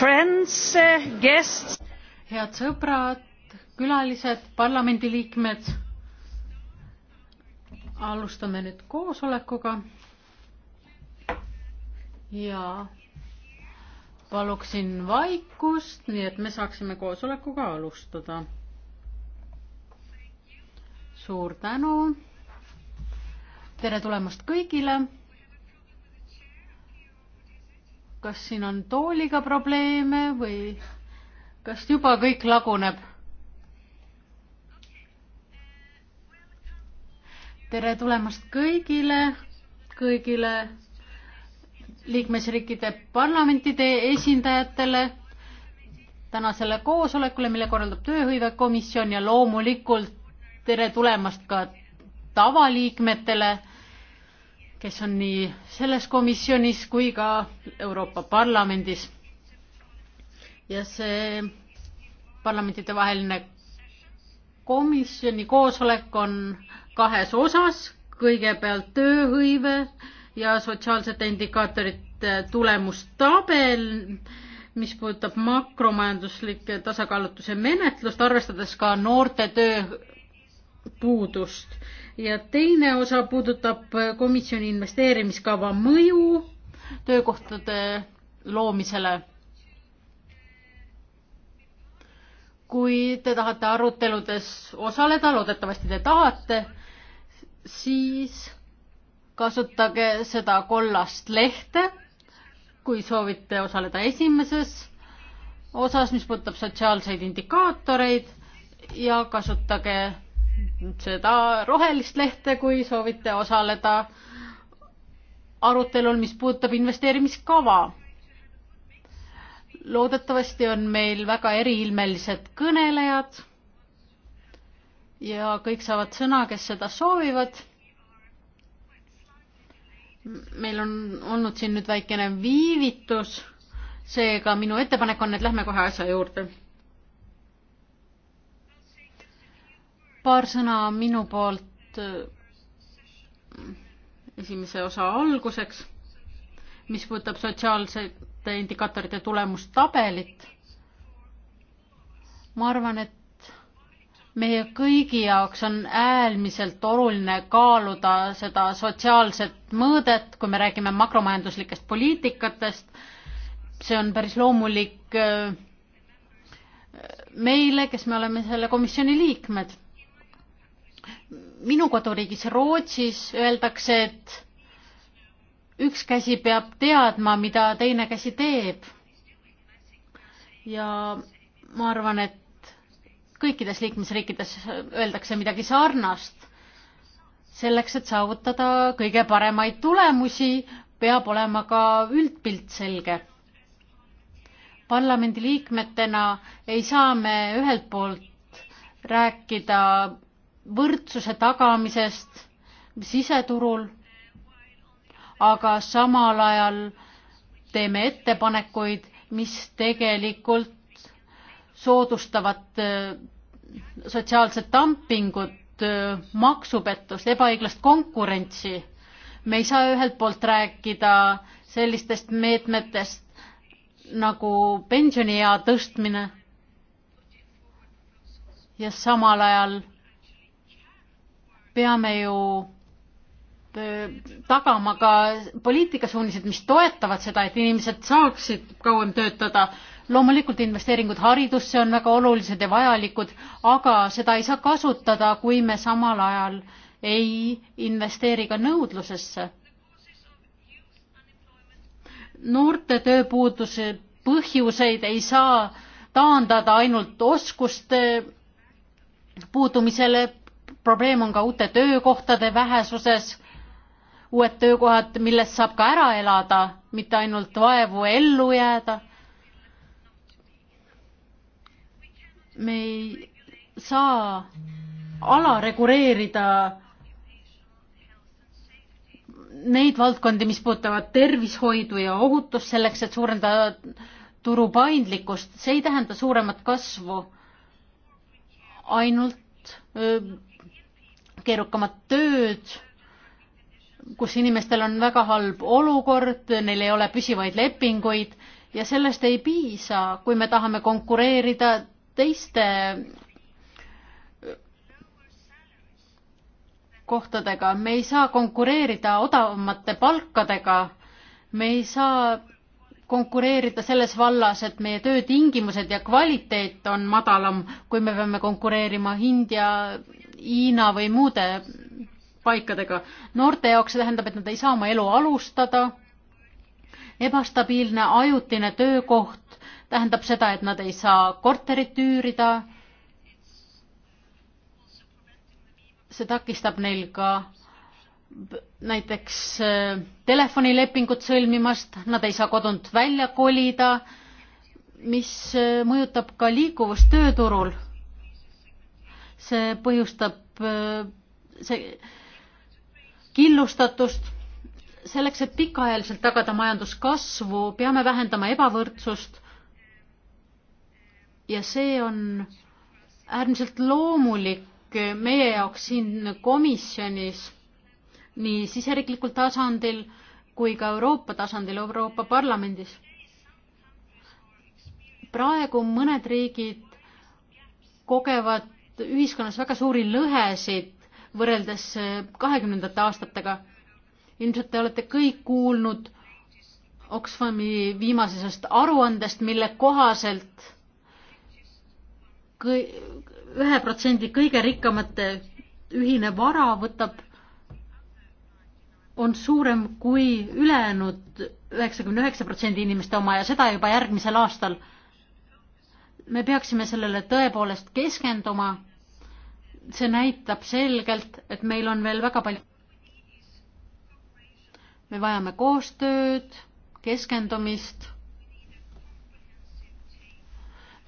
friends, eh, guests. head sõbrad, külalised, parlamendiliikmed. alustame nüüd koosolekuga. ja paluksin vaikust, nii et me saaksime koosolekuga alustada. suur tänu. tere tulemast kõigile kas siin on tooliga probleeme või kas juba kõik laguneb? tere tulemast kõigile, kõigile liikmesriikide parlamentide esindajatele tänasele koosolekule, mille korraldab tööhõivekomisjon ja loomulikult tere tulemast ka tavaliikmetele kes on nii selles komisjonis kui ka Euroopa Parlamendis. ja see parlamentidevaheline komisjoni koosolek on kahes osas, kõigepealt tööhõive ja sotsiaalsete indikaatorite tulemustabel, mis puudutab makromajanduslike tasakaalutuse menetlust, arvestades ka noorte töö puudust ja teine osa puudutab komisjoni investeerimiskava mõju töökohtade loomisele. kui te tahate aruteludes osaleda, loodetavasti te tahate, siis kasutage seda kollast lehte, kui soovite osaleda esimeses osas, mis puudutab sotsiaalseid indikaatoreid ja kasutage seda rohelist lehte, kui soovite osaleda arutelul, mis puudutab investeerimiskava. loodetavasti on meil väga eriilmelised kõnelejad ja kõik saavad sõna, kes seda soovivad. meil on olnud siin nüüd väikene viivitus, seega minu ettepanek on, et lähme kohe asja juurde paar sõna minu poolt äh, esimese osa alguseks, mis puudutab sotsiaalsete indikaatorite tulemustabelit. ma arvan, et meie kõigi jaoks on äärmiselt oluline kaaluda seda sotsiaalset mõõdet, kui me räägime makromajanduslikest poliitikatest. see on päris loomulik äh, meile, kes me oleme selle komisjoni liikmed minu koduriigis Rootsis öeldakse, et üks käsi peab teadma, mida teine käsi teeb. ja ma arvan, et kõikides liikmesriikides öeldakse midagi sarnast. selleks, et saavutada kõige paremaid tulemusi, peab olema ka üldpilt selge. parlamendiliikmetena ei saa me ühelt poolt rääkida võrdsuse tagamisest siseturul, aga samal ajal teeme ettepanekuid, mis tegelikult soodustavad äh, sotsiaalset dumpingut, äh, maksupettust, ebaõiglast konkurentsi. me ei saa ühelt poolt rääkida sellistest meetmetest nagu pensioniea tõstmine ja samal ajal peame ju äh, tagama ka poliitikasuunised, mis toetavad seda, et inimesed saaksid kauem töötada. loomulikult investeeringud haridusse on väga olulised ja vajalikud, aga seda ei saa kasutada, kui me samal ajal ei investeeri ka nõudlusesse. noorte tööpuuduse põhjuseid ei saa taandada ainult oskuste puudumisele, probleem on ka uute töökohtade vähesuses, uued töökohad, millest saab ka ära elada, mitte ainult vaevu ellu jääda. me ei saa alareguleerida neid valdkondi, mis puudutavad tervishoidu ja ohutust selleks, et suurendada turu paindlikkust, see ei tähenda suuremat kasvu, ainult keerukamat tööd, kus inimestel on väga halb olukord, neil ei ole püsivaid lepinguid ja sellest ei piisa, kui me tahame konkureerida teiste kohtadega, me ei saa konkureerida odavamate palkadega, me ei saa konkureerida selles vallas, et meie töötingimused ja kvaliteet on madalam, kui me peame konkureerima India Hiina või muude paikadega. noorte jaoks see tähendab, et nad ei saa oma elu alustada. ebastabiilne ajutine töökoht tähendab seda, et nad ei saa korterit üürida. see takistab neil ka näiteks äh, telefonilepingut sõlmimast, nad ei saa kodunt välja kolida, mis äh, mõjutab ka liikuvust tööturul see põhjustab äh, see killustatust. selleks, et pikaajaliselt tagada majanduskasvu, peame vähendama ebavõrdsust. ja see on äärmiselt loomulik meie jaoks siin komisjonis nii siseriiklikul tasandil kui ka Euroopa tasandil Euroopa Parlamendis. praegu mõned riigid kogevad ühiskonnas väga suuri lõhesid võrreldes äh, kahekümnendate aastatega. ilmselt te olete kõik kuulnud Oxfami viimasest aruandest, mille kohaselt ühe protsendi kõige rikkamate ühine vara võtab, on suurem kui ülejäänud üheksakümne üheksa protsendi inimeste oma ja seda juba järgmisel aastal. me peaksime sellele tõepoolest keskenduma see näitab selgelt, et meil on veel väga palju. me vajame koostööd, keskendumist.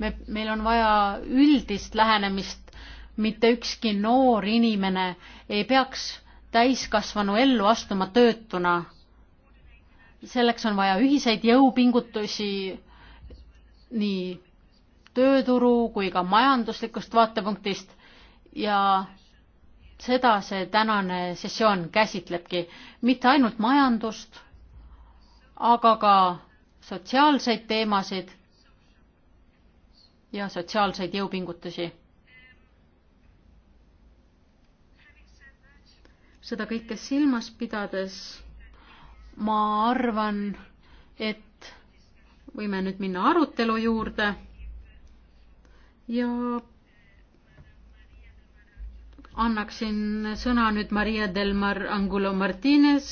me, meil on vaja üldist lähenemist, mitte ükski noor inimene ei peaks täiskasvanu ellu astuma töötuna. selleks on vaja ühiseid jõupingutusi nii tööturu kui ka majanduslikust vaatepunktist ja seda see tänane sessioon käsitlebki, mitte ainult majandust, aga ka sotsiaalseid teemasid ja sotsiaalseid jõupingutusi. seda kõike silmas pidades ma arvan, et võime nüüd minna arutelu juurde ja annaksin sõna nüüd Maria del Mar Angulo Martinez,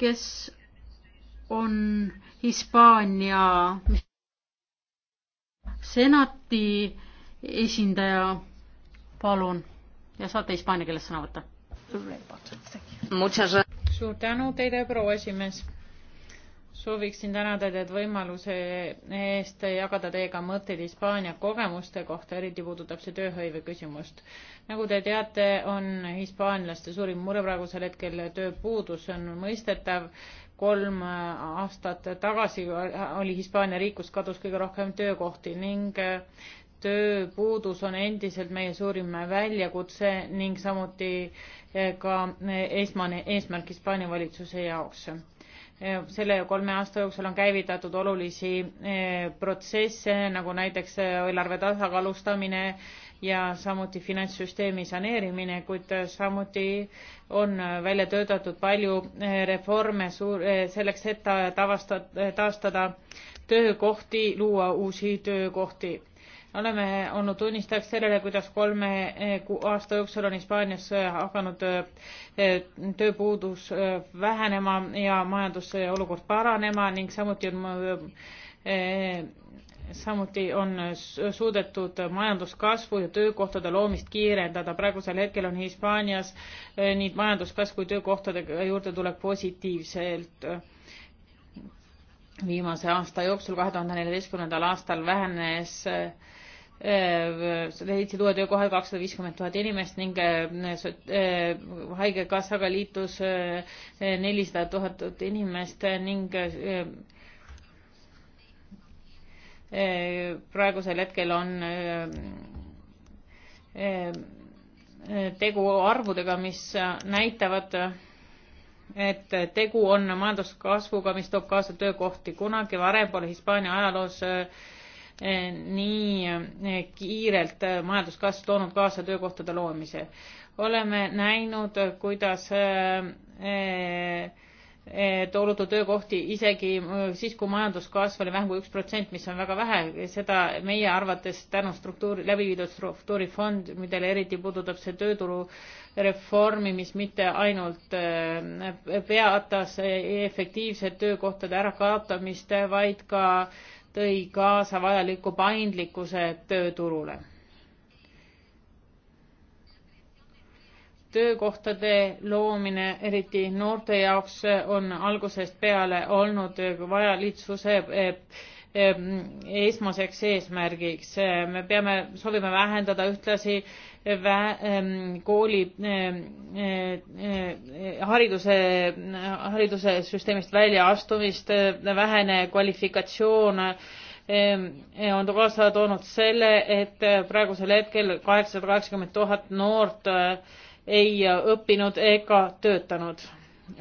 kes on Hispaania senati esindaja. palun ja saate hispaania keeles sõna võtta. suur tänu teile, proua esimees sooviksin tänada teid võimaluse eest jagada teiega mõtteid Hispaania kogemuste kohta, eriti puudutab see tööhõive küsimust. nagu te teate, on hispaanlaste suurim mure praegusel hetkel tööpuudus, see on mõistetav. kolm aastat tagasi oli Hispaania riik, kus kadus kõige rohkem töökohti ning tööpuudus on endiselt meie suurim väljakutse ning samuti ka esmane eesmärk Hispaania valitsuse jaoks selle kolme aasta jooksul on käivitatud olulisi eh, protsesse, nagu näiteks eh, eelarve tasakaalustamine ja samuti finantssüsteemi saneerimine, kuid eh, samuti on välja töötatud palju reforme suur, selleks, et tavasta, taastada töökohti, luua uusi töökohti oleme olnud tunnistajaks sellele, kuidas kolme eh, aasta jooksul on Hispaanias eh, hakanud eh, tööpuudus vähenema ja majanduse olukord paranema ning samuti on samuti on suudetud majanduskasvu ja töökohtade loomist kiirendada. praegusel hetkel on Hispaanias nii majanduskasv kui töökohtade juurdetulek positiivselt viimase aasta jooksul, kahe tuhande neljateistkümnendal aastal vähenes Äh, leidsid uue töökoha kakssada viiskümmend tuhat inimest ning äh, äh, Haigekassaga liitus nelisada tuhat inimest ning praegusel hetkel on tegu arvudega, mis näitavad, et tegu on majanduskasvuga, mis toob kaasa töökohti. kunagi varem pole Hispaania ajaloos äh, Eh, nii eh, kiirelt eh, majanduskasv toonud kaasa töökohtade loomise. oleme näinud, kuidas toolutu töökohti isegi siis, kui majanduskasv oli vähem kui üks protsent, mis on väga vähe, seda meie arvates tänu struktuuri, läbi viidud struktuurifond, millele eriti puudutab see tööturu reformi, mis mitte ainult peatas efektiivset töökohtade ärakaotamist, vaid ka äh, tõi kaasa vajaliku paindlikkuse tööturule. töökohtade loomine, eriti noorte jaoks, on algusest peale olnud valitsuse e, e, esmaseks eesmärgiks. me peame, soovime vähendada ühtlasi Ähm, kooli ähm, äh, äh, hariduse, haridussüsteemist väljaastumist, äh, vähene kvalifikatsioon ähm, on kaasa toonud selle, et praegusel hetkel kaheksasada kaheksakümmend tuhat noort ei õppinud ega töötanud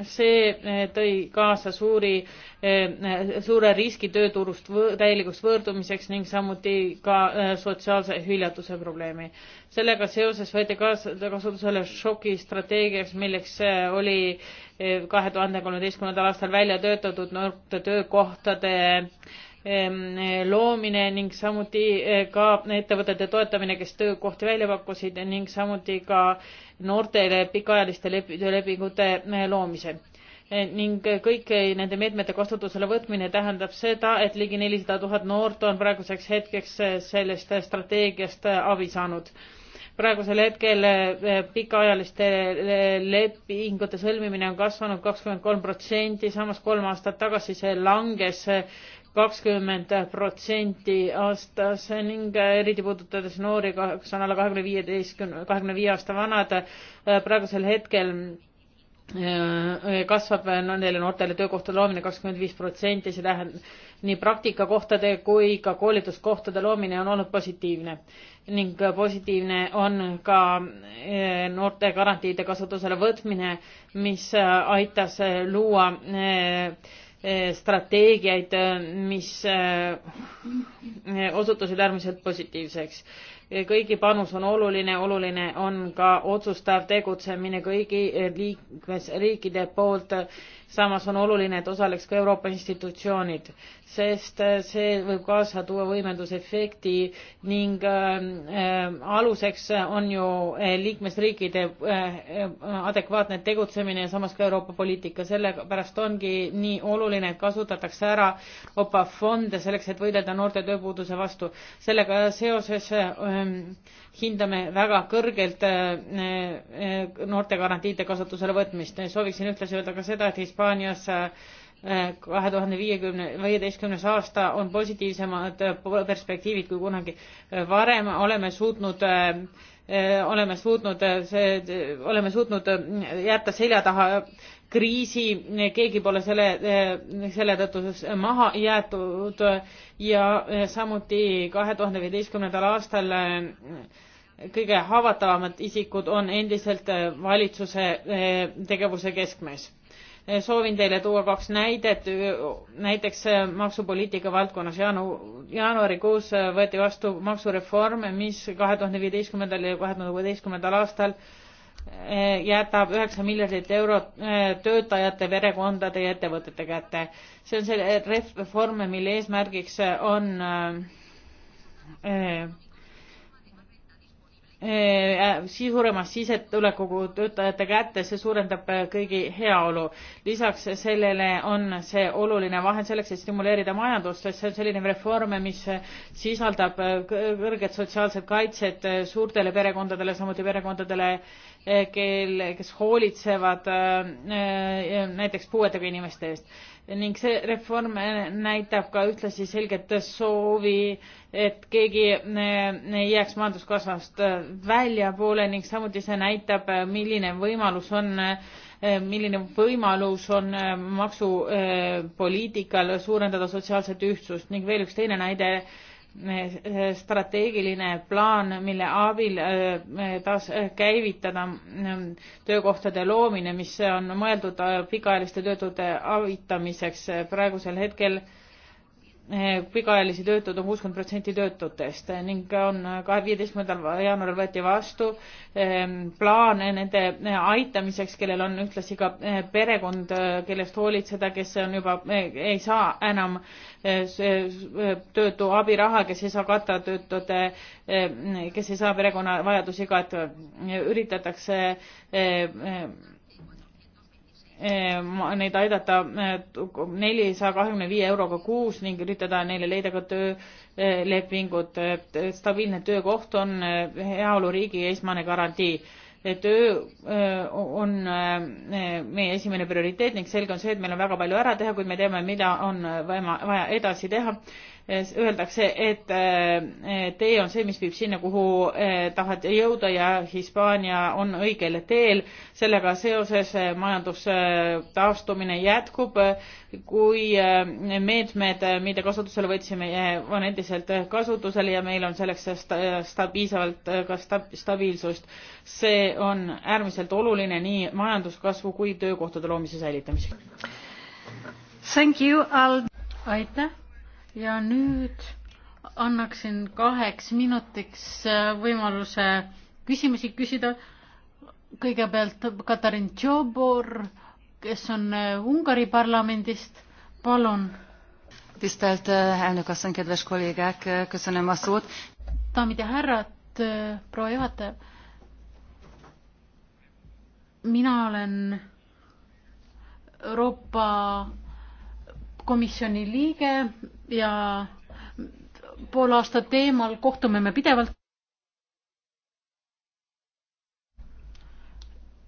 see eh, tõi kaasa suuri, eh, suure riski tööturust võõ, täielikust võõrdumiseks ning samuti ka eh, sotsiaalse hüljatuse probleemi. sellega seoses võeti kaasa kasutusele šokistrateegiaks, milleks oli kahe tuhande kolmeteistkümnendal aastal välja töötatud noorte töökohtade loomine ning samuti eh, ka ettevõtete toetamine, kes töökohti välja pakkusid ning samuti ka noortele pikaajaliste lepingute eh, loomise eh, ning kõik nende meetmete kasutusele võtmine tähendab seda, et ligi nelisada tuhat noort on praeguseks hetkeks sellest strateegiast abi saanud. praegusel hetkel pikaajaliste lepingute sõlmimine on kasvanud kakskümmend kolm protsenti, samas kolm aastat tagasi see langes kakskümmend protsenti aastas ning eriti puudutades noori, kes on alla kahekümne viieteistkümne, kahekümne viie aasta vanad, praegusel hetkel äh, kasvab no, neile noortele töökohta loomine kakskümmend viis protsenti, see tähendab nii praktikakohtade kui ka koolituskohtade loomine on olnud positiivne ning positiivne on ka äh, noorte garantiide kasutusele võtmine, mis aitas luua äh, Eh, strateegiaid, eh, mis eh, osutusid äärmiselt positiivseks kõigi panus on oluline, oluline on ka otsustav tegutsemine kõigi liikmesriikide poolt. samas on oluline, et osaleks ka Euroopa institutsioonid, sest see võib kaasa tuua võimendusefekti ning äh, aluseks on ju äh, liikmesriikide äh, adekvaatne tegutsemine ja samas ka Euroopa poliitika. sellepärast ongi nii oluline, et kasutatakse ära Euroopa fonde selleks, et võidelda noorte tööpuuduse vastu. sellega seoses Ehm, hindame väga kõrgelt äh, äh, noorte garantiide kasutusele võtmist. sooviksin ühtlasi öelda ka seda, et Hispaanias äh, kahe tuhande viiekümne, viieteistkümnes aasta on positiivsemad perspektiivid kui kunagi varem, oleme suutnud oleme suutnud see, oleme suutnud jätta selja taha kriisi, keegi pole selle, selle tõttu maha jäetud ja samuti kahe tuhande viieteistkümnendal aastal kõige haavatavamad isikud on endiselt valitsuse tegevuse keskmes. soovin teile tuua kaks näidet, näiteks maksupoliitika valdkonnas jaanu-, jaanuarikuus võeti vastu maksureform, mis kahe tuhande viieteistkümnendal ja kahe tuhande kuueteistkümnendal aastal Eh, jätab üheksa miljardit eurot eh, töötajate, perekondade ja ettevõtete kätte. see on see reform, mille eesmärgiks on eh, Eh, äh, suuremas sisetulekuga töötajate kätte, see suurendab äh, kõigi heaolu. lisaks sellele on see oluline vahend selleks, et stimuleerida majandust, sest see on selline reform, mis sisaldab äh, kõrget sotsiaalset kaitset suurtele perekondadele, samuti perekondadele, kel, kes hoolitsevad näiteks puuetega inimeste eest ning see reform näitab ka ühtlasi selget soovi, et keegi eh, ei jääks majanduskasvust eh, väljapoole ning samuti see näitab, eh, milline võimalus on, milline võimalus on maksupoliitikal suurendada sotsiaalset ühtsust ning veel üks teine näide Eh, strateegiline plaan, mille abil eh, taas eh, käivitada mm, töökohtade loomine, mis on mõeldud pikaajaliste töötute avitamiseks. praegusel hetkel Eh, pikaajalisi töötuid on kuuskümmend protsenti töötutest ning on eh, kahe viieteistkümnendal jaanuaril võeti vastu ehm, plaan nende eh, aitamiseks, kellel on ühtlasi ka perekond, kellest hoolitseda, kes on juba, ei saa enam töötu abiraha, kes ei saa katta töötute, kes ei saa perekonna vajadusi katta, üritatakse Eh, neid aidata eh, nelisaja kahekümne viie euroga kuus ning üritada neile leida ka töölepingut. Eh, stabiilne töökoht on heaoluriigi esmane garantii. töö on meie esimene prioriteet ning selge on see, et meil on väga palju ära teha, kuid me teame, mida on vaja edasi teha öeldakse, eh, et tee on see, mis viib sinna, kuhu eh, tahad jõuda ja Hispaania on õigel teel. sellega seoses eh, majandustaastumine jätkub, kui meetmed, mida kasutusele võtsime, on endiselt kasutusel ja meil on selleks sta-, piisavalt ka sta-, stabiilsust. see on äärmiselt oluline nii majanduskasvu kui töökohtade loomise säilitamiseks. aitäh ja nüüd annaksin kaheks minutiks äh, võimaluse küsimusi küsida. kõigepealt Katarin Tšobor, kes on äh, Ungari parlamendist, palun. tisztelt äh, elnökasszony, kedves kollégák, köszönöm a szót. daamid ja härrad, proua juhataja. mina olen Euroopa Komisjoni liige ja poolaasta teemal kohtume me pidevalt.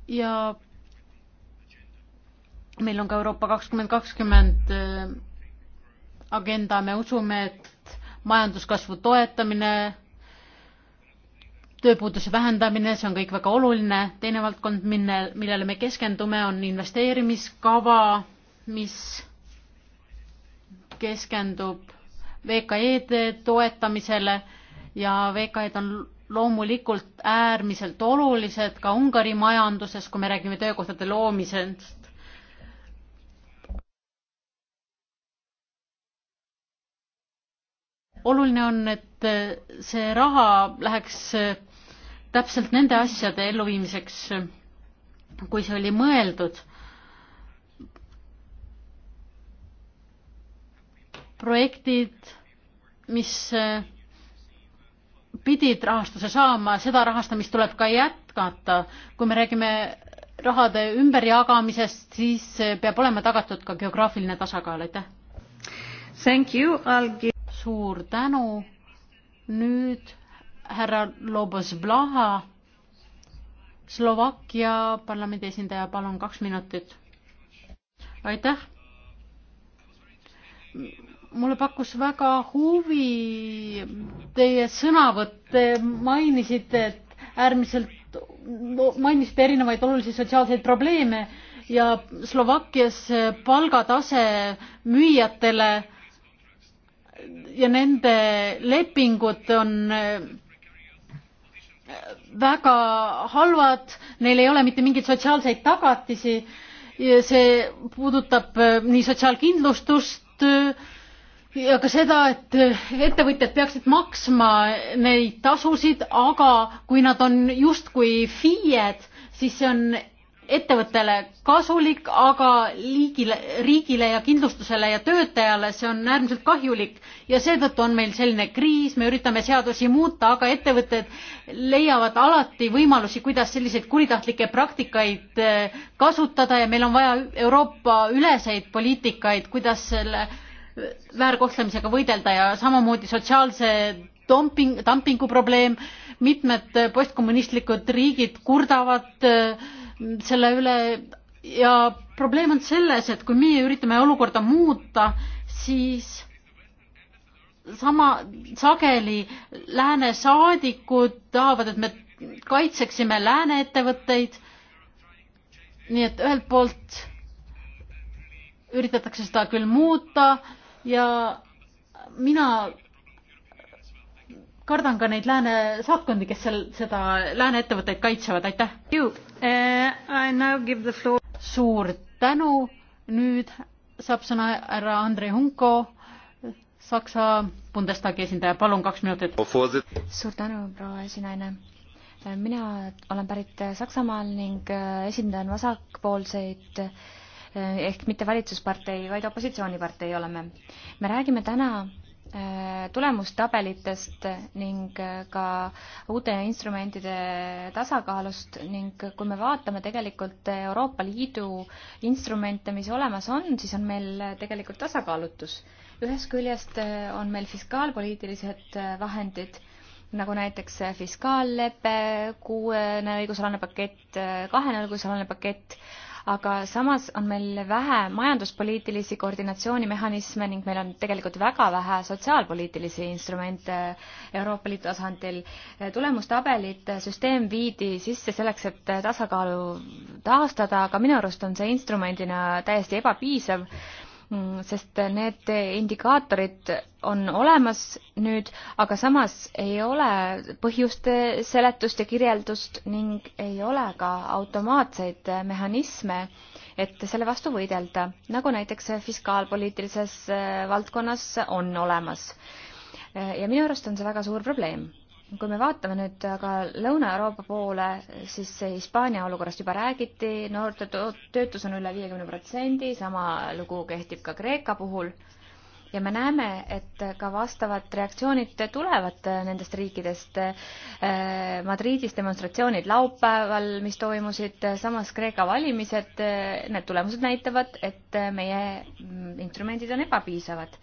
ja meil on ka Euroopa kakskümmend kakskümmend äh, agenda, me usume, et majanduskasvu toetamine, tööpuuduse vähendamine, see on kõik väga oluline. teine valdkond, mille, millele me keskendume, on investeerimiskava, mis keskendub VKE-de toetamisele ja VKE-d on loomulikult äärmiselt olulised ka Ungari majanduses, kui me räägime töökohtade loomisest. oluline on, et see raha läheks täpselt nende asjade elluviimiseks, kui see oli mõeldud projektid, mis äh, pidid rahastuse saama, seda rahastamist tuleb ka jätkata. kui me räägime rahade ümberjagamisest, siis äh, peab olema tagatud ka geograafiline tasakaal, aitäh. Give... suur tänu. nüüd härra Lobos Blaha, Slovakkia parlamendi esindaja, palun kaks minutit. aitäh mulle pakkus väga huvi teie sõnavõtt, te mainisite, et äärmiselt no,, mainisite erinevaid olulisi sotsiaalseid probleeme ja Slovakkias palgatase müüjatele ja nende lepingud on äh, väga halvad, neil ei ole mitte mingeid sotsiaalseid tagatisi. see puudutab äh, nii sotsiaalkindlustust, ja ka seda, et äh, ettevõtjad peaksid maksma neid tasusid, aga kui nad on justkui FIE-d, siis see on ettevõttele kasulik, aga liigile, riigile ja kindlustusele ja töötajale see on äärmiselt kahjulik ja seetõttu on meil selline kriis, me üritame seadusi muuta, aga ettevõtted leiavad alati võimalusi, kuidas selliseid kuritahtlikke praktikaid äh, kasutada ja meil on vaja Euroopa üleseid poliitikaid, kuidas selle äh, väärkohtlemisega võidelda ja samamoodi sotsiaalse dumping, dumpingu probleem, mitmed postkommunistlikud riigid kurdavad äh, selle üle ja probleem on selles, et kui meie üritame olukorda muuta, siis sama sageli lääne saadikud tahavad, et me kaitseksime lääne ettevõtteid. nii et ühelt poolt üritatakse seda küll muuta ja mina kardan ka neid lääne saatkondi, kes seal seda lääne ettevõtteid kaitsevad, aitäh. Uh, suur tänu, nüüd saab sõna härra Andrei Hunko, Saksa Bundestagi esindaja, palun kaks minutit. suur tänu, proua esinaine mina olen pärit Saksamaal ning uh, esindan vasakpoolseid äh, Eh, ehk mitte valitsuspartei, vaid opositsioonipartei oleme. me räägime täna eh, tulemustabelitest ning eh, ka uute instrumentide tasakaalust ning kui me vaatame tegelikult Euroopa Liidu instrumente, mis olemas on, siis on meil tegelikult tasakaalutus. ühest küljest on meil fiskaalpoliitilised vahendid, nagu näiteks fiskaallepe, kuuene õigusalane pakett, kahene õigusalane pakett, aga samas on meil vähe majanduspoliitilisi koordinatsioonimehhanisme ning meil on tegelikult väga vähe sotsiaalpoliitilisi instrumente Euroopa Liidu tasandil. tulemustabelid, süsteem viidi sisse selleks, et tasakaalu taastada, aga minu arust on see instrumendina täiesti ebapiisav Mm, sest need indikaatorid on olemas nüüd, aga samas ei ole põhjuste seletust ja kirjeldust ning ei ole ka automaatseid mehhanisme, et selle vastu võidelda, nagu näiteks fiskaalpoliitilises äh, valdkonnas on olemas. Äh, ja minu arust on see väga suur probleem kui me vaatame nüüd aga Lõuna-Euroopa poole, siis Hispaania olukorrast juba räägiti, noorte töötus on üle viiekümne protsendi, sama lugu kehtib ka Kreeka puhul ja me näeme, et ka vastavad reaktsioonid tulevad nendest riikidest. Äh, Madridis demonstratsioonid laupäeval, mis toimusid, samas Kreeka valimised, need tulemused näitavad, et meie instrumendid on ebapiisavad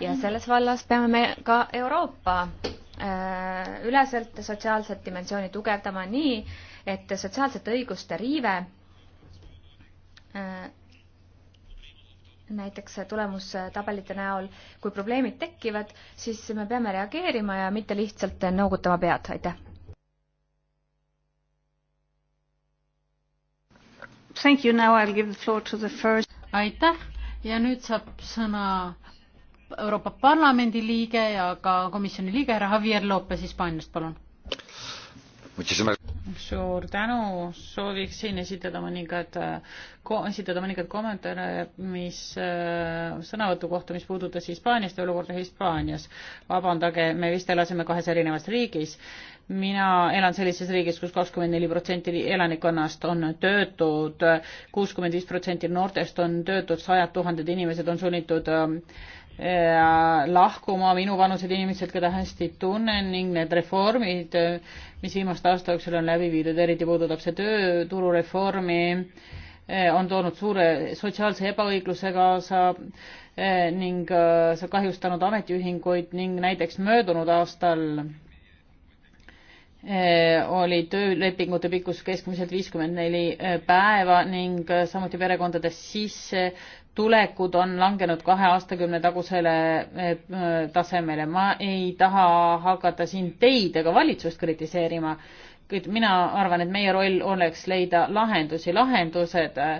ja selles vallas peame me ka Euroopa äh, üleselt sotsiaalset dimensiooni tugevdama nii, et sotsiaalsete õiguste riive äh, näiteks tulemustabelite näol, kui probleemid tekivad, siis me peame reageerima ja mitte lihtsalt noogutama pead, aitäh. Thank you, now I will give the floor to the first. aitäh ja nüüd saab sõna Euroopa Parlamendi liige ja ka komisjoni liige härra Javier Lopez Hispaaniast, palun suur tänu, sooviksin esitada mõningad, esitada mõningad kommentaare, mis äh, sõnavõtu kohta, mis puudutas Hispaaniast ja olukorda Hispaanias. vabandage, me vist elasime kahes erinevas riigis. mina elan sellises riigis kus, kus kakskümmend neli protsenti elanikkonnast on töötud, kuuskümmend viis protsenti noortest on töötud, sajad tuhanded inimesed on sunnitud äh, lahkuma minuvanused inimesed, keda hästi tunnen ning need reformid, mis viimaste aasta jooksul on läbi viidud, eriti puudutab see tööturureformi, on toonud suure sotsiaalse ebaõigluse kaasa ning see kahjustanud ametiühinguid ning näiteks möödunud aastal Eh, oli töölepingute pikkus keskmiselt viiskümmend neli eh, päeva ning eh, samuti perekondade sissetulekud on langenud kahe aastakümne tagusele tasemele. ma ei taha hakata siin teid ega valitsust kritiseerima, kuid mina arvan, et meie roll oleks leida lahendusi, lahendused äh,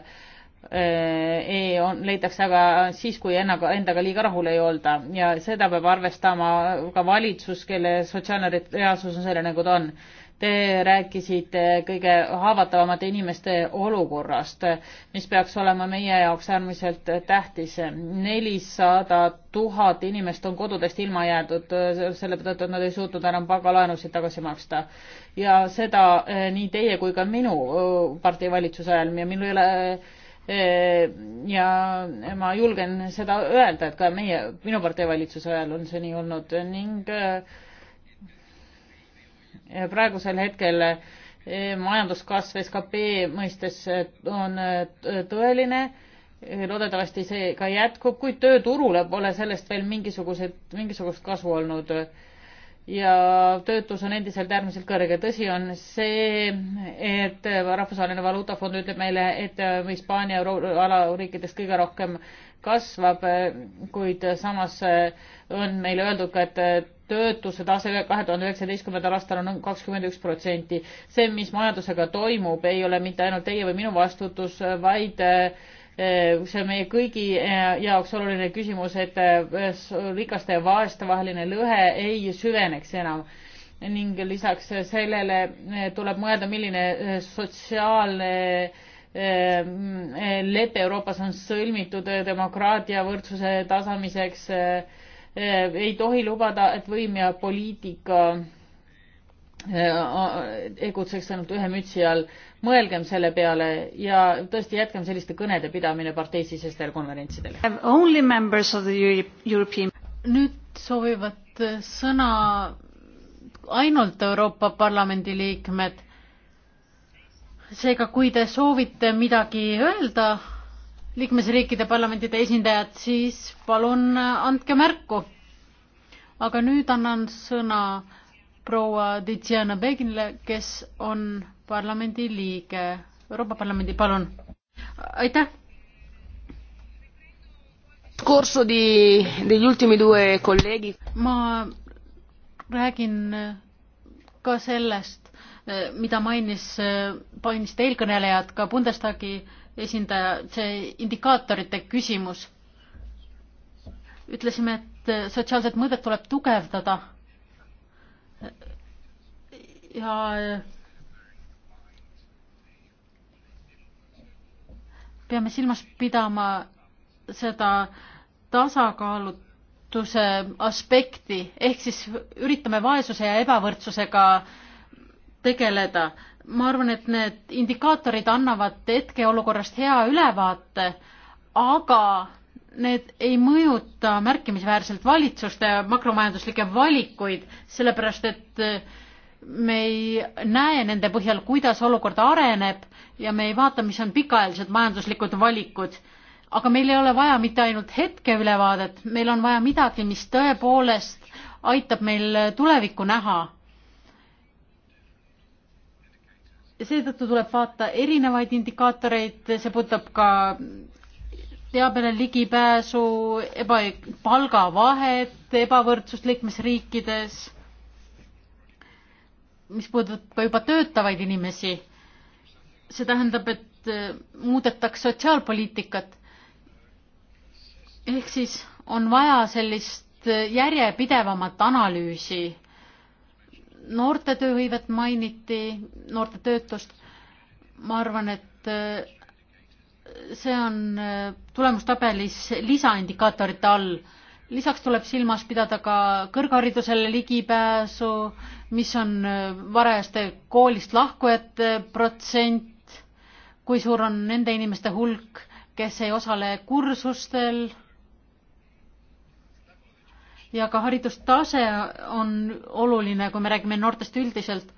Äh, on, leitakse aga siis, kui ennaga, endaga liiga rahul ei olda ja seda peab arvestama ka valitsus, kelle sotsiaalne reaalsus on selline, nagu ta on. Te rääkisite kõige haavatavamate inimeste olukorrast, mis peaks olema meie jaoks äärmiselt tähtis. nelisada tuhat inimest on kodudest ilma jäetud selle tõttu, et nad ei suutnud enam pangalaenusid tagasi maksta. ja seda eh, nii teie kui ka minu eh, partei valitsuse ajal ja minu ei ole ja ma julgen seda öelda, et ka meie, minu partei valitsuse ajal on see nii olnud ning äh, praegusel hetkel äh, majanduskasv skp mõistes äh, on tõeline, loodetavasti see ka jätkub, kuid tööturule pole sellest veel mingisuguseid, mingisugust kasu olnud ja töötus on endiselt äärmiselt kõrge. tõsi on see, et Rahvusvaheline Valuutafond ütleb meile, et Hispaania euroala riikidest kõige rohkem kasvab, kuid samas on meile öeldud ka, et töötuse tase kahe tuhande üheksateistkümnendal aastal on kakskümmend üks protsenti. see, mis majandusega toimub, ei ole mitte ainult teie või minu vastutus, vaid äh, Ehm, see on meie kõigi eh, jaoks oluline küsimus, et eh, rikaste ja vaeste vaheline lõhe ei süveneks enam. ning lisaks sellele eh, tuleb mõelda, milline sotsiaalne lepe Euroopas on sõlmitud demokraatia võrdsuse tasamiseks. ei tohi lubada, et võim ja poliitika tegutseks äh, ainult ühe mütsi all. mõelgem selle peale ja tõesti jätkame selliste kõnede pidamine parteisisestel konverentsidel. European... nüüd soovivad sõna ainult Euroopa Parlamendi liikmed. seega, kui te soovite midagi öelda, liikmesriikide parlamentide esindajad, siis palun andke märku. aga nüüd annan sõna proua Tiziana Beginile, kes on parlamendi liige, Euroopa Parlamendi, palun. aitäh. Corso di, degli ultimi due colleghi. ma räägin ka sellest, mida mainis, mainisid eelkõnelejad, ka Bundestagi esindaja, see indikaatorite küsimus. ütlesime, et sotsiaalset mõõdet tuleb tugevdada ja äh, peame silmas pidama seda tasakaalutuse aspekti, ehk siis üritame vaesuse ja ebavõrdsusega tegeleda. ma arvan, et need indikaatorid annavad hetkeolukorrast hea ülevaate, aga need ei mõjuta märkimisväärselt valitsuste makromajanduslikke valikuid, sellepärast et äh, me ei näe nende põhjal, kuidas olukord areneb ja me ei vaata, mis on pikaajalised majanduslikud valikud. aga meil ei ole vaja mitte ainult hetkeülevaadet, meil on vaja midagi, mis tõepoolest aitab meil tulevikku näha. seetõttu tuleb vaata erinevaid indikaatoreid, see puudutab ka teabele ligipääsu, eba, palgavahet, ebavõrdsust liikmesriikides mis puudutab juba töötavaid inimesi. see tähendab, et äh, muudetakse sotsiaalpoliitikat. ehk siis on vaja sellist äh, järjepidevamat analüüsi. noorte tööhõivet mainiti, noorte töötust. ma arvan, et äh, see on tulemustabelis lisaindikaatorite all lisaks tuleb silmas pidada ka kõrgharidusele ligipääsu, mis on äh, varajaste koolist lahkujate protsent, kui suur on nende inimeste hulk, kes ei osale kursustel. ja ka haridustase on oluline, kui me räägime noortest üldiselt.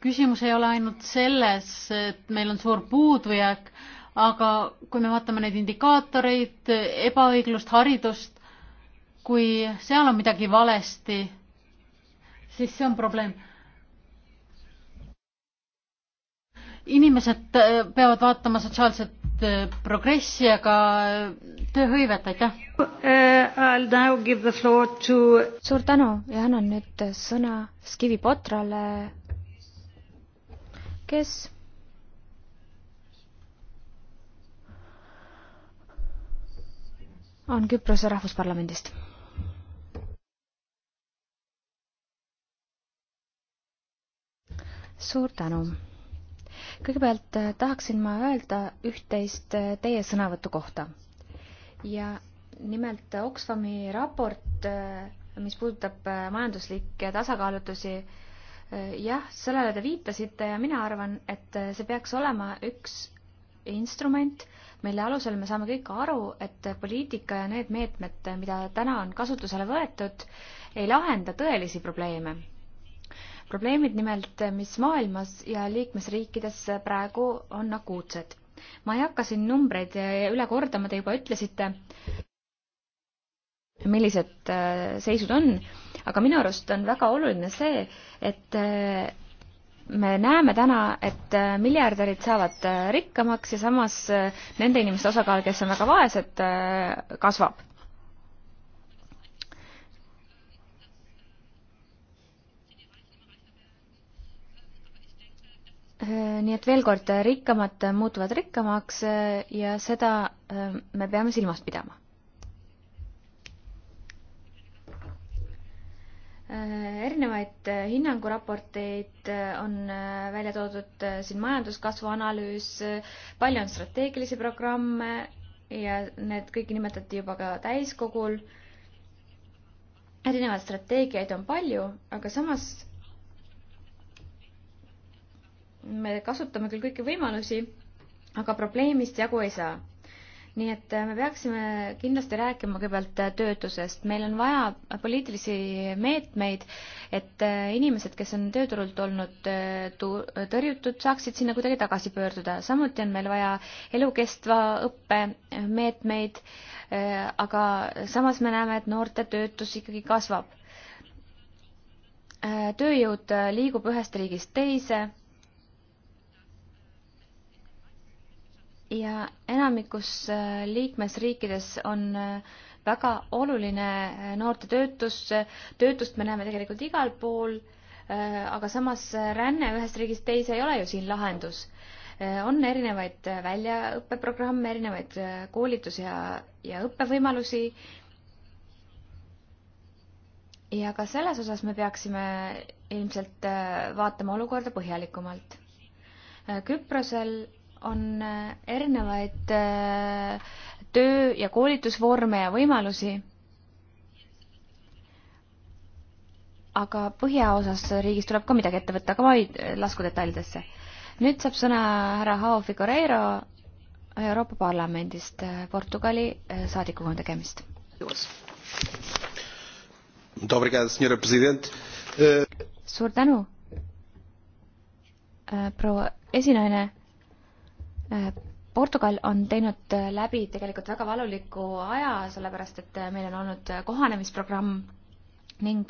küsimus ei ole ainult selles, et meil on suur puudujääk aga kui me vaatame neid indikaatoreid, ebaõiglust, haridust, kui seal on midagi valesti, siis see on probleem. inimesed äh, peavad vaatama sotsiaalset äh, progressi, aga äh, tööhõivet, aitäh uh,. To... suur tänu ja annan nüüd sõna Skivi Potrale, kes on Küprose rahvusparlamendist. suur tänu. kõigepealt äh, tahaksin ma öelda üht-teist äh, teie sõnavõtu kohta ja nimelt äh, Oxfami raport, mis puudutab majanduslikke tasakaalutusi jah, sellele te viitasite ja mina arvan, et see peaks olema üks instrument, mille alusel me saame kõik aru, et poliitika ja need meetmed, mida täna on kasutusele võetud, ei lahenda tõelisi probleeme. probleemid nimelt, mis maailmas ja liikmesriikides praegu on akuutsed. ma ei hakka siin numbreid üle kordama, te juba ütlesite, millised äh, seisud on, aga minu arust on väga oluline see, et äh, me näeme täna, et äh, miljardärid saavad äh, rikkamaks ja samas äh, nende inimeste osakaal, kes on väga vaesed, kasvab. nii et veel kord, rikkamad muutuvad rikkamaks ja seda me peame silmas pidama. Äh, erinevaid äh, hinnanguraporteid äh, on välja toodud siin majanduskasvu analüüs, palju on strateegilisi programme ja need kõik nimetati juba ka täiskogul. erinevaid strateegiaid on palju, aga samas me kasutame küll kõiki võimalusi, aga probleemist jagu ei saa nii et äh, me peaksime kindlasti rääkima kõigepealt äh, töötusest. meil on vaja poliitilisi meetmeid, et äh, inimesed, kes on tööturult olnud tõrjutud, saaksid sinna kuidagi tagasi pöörduda. samuti on meil vaja elukestva õppe meetmeid, aga samas me näeme, et noorte töötus ikkagi kasvab. tööjõud liigub ühest riigist teise ja enamikus äh, liikmesriikides on äh, väga oluline äh, noorte töötus, töötust me näeme tegelikult igal pool, aga samas ränne ühest riigist teise ei ole ju siin lahendus. on erinevaid väljaõppeprogramme, erinevaid koolitus- ja, ja õppevõimalusi, ja ka selles osas me peaksime ilmselt vaatama olukorda põhjalikumalt. Küprosel on äh, erinevaid äh, töö- ja koolitusvorme ja võimalusi. aga põhjaosas riigis tuleb ka midagi ette võtta, aga ma ei äh, lasku detailidesse. nüüd saab sõna härra Jao Figueiro Euroopa Parlamendist, Portugali saadikuga on tegemist. suur tänu, proua esinaine Äh, Portugal on teinud äh, läbi tegelikult väga valuliku aja, sellepärast et äh, meil on olnud kohanemisprogramm ning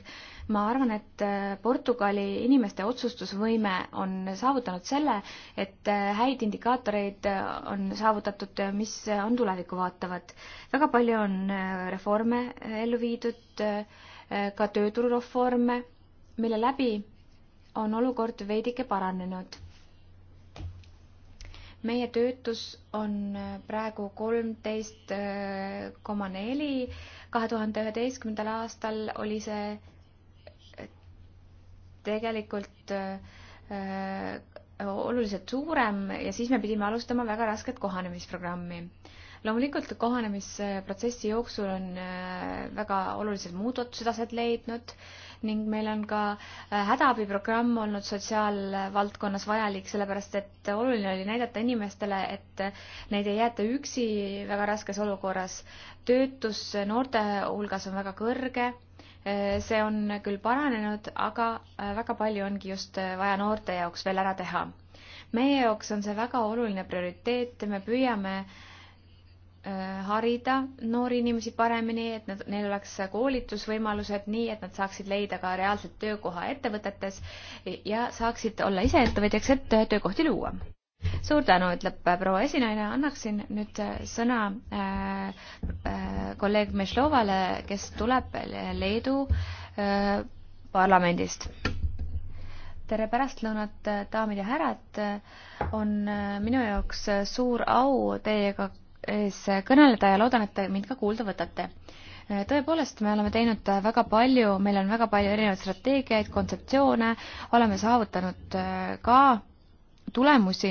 ma arvan, et Portugali inimeste otsustusvõime on saavutanud selle, et häid indikaatoreid on saavutatud, mis on tulevikku vaatavad. väga palju on reforme ellu viidud, ka tööturureforme, mille läbi on olukord veidike paranenud meie töötus on äh, praegu kolmteist äh, koma neli, kahe tuhande üheteistkümnendal aastal oli see äh, tegelikult oluliselt suurem ja siis me pidime alustama väga rasket kohanemisprogrammi loomulikult kohanemisprotsessi jooksul on väga olulised muudatused aset leidnud äh, ning meil on ka äh, hädaabiprogramm olnud sotsiaalvaldkonnas vajalik, sellepärast et oluline oli näidata inimestele, et äh, neid ei jäeta üksi väga raskes olukorras. töötus noorte hulgas on väga kõrge, äh, see on küll paranenud, aga väga palju ongi just vaja noorte jaoks veel ära teha meie jaoks on see väga oluline prioriteet, me püüame äh, Äh, harida noori inimesi paremini, et nad, neil oleks koolitusvõimalused nii, et nad saaksid leida ka reaalselt töökoha ettevõtetes ja saaksid olla ise ettevõtjaks, et äh, töökohti luua. suur tänu, ütleb äh, proua esinaine, annaksin nüüd sõna äh, äh, kolleeg Mešlovale, kes tuleb Leedu äh, parlamendist tere pärastlõunat, daamid ja härrad. on minu jaoks suur au teiega ees kõneleda ja loodan, et te mind ka kuulda võtate. tõepoolest, me oleme teinud väga palju, meil on väga palju erinevaid strateegiaid, kontseptsioone, oleme saavutanud äh, ka tulemusi,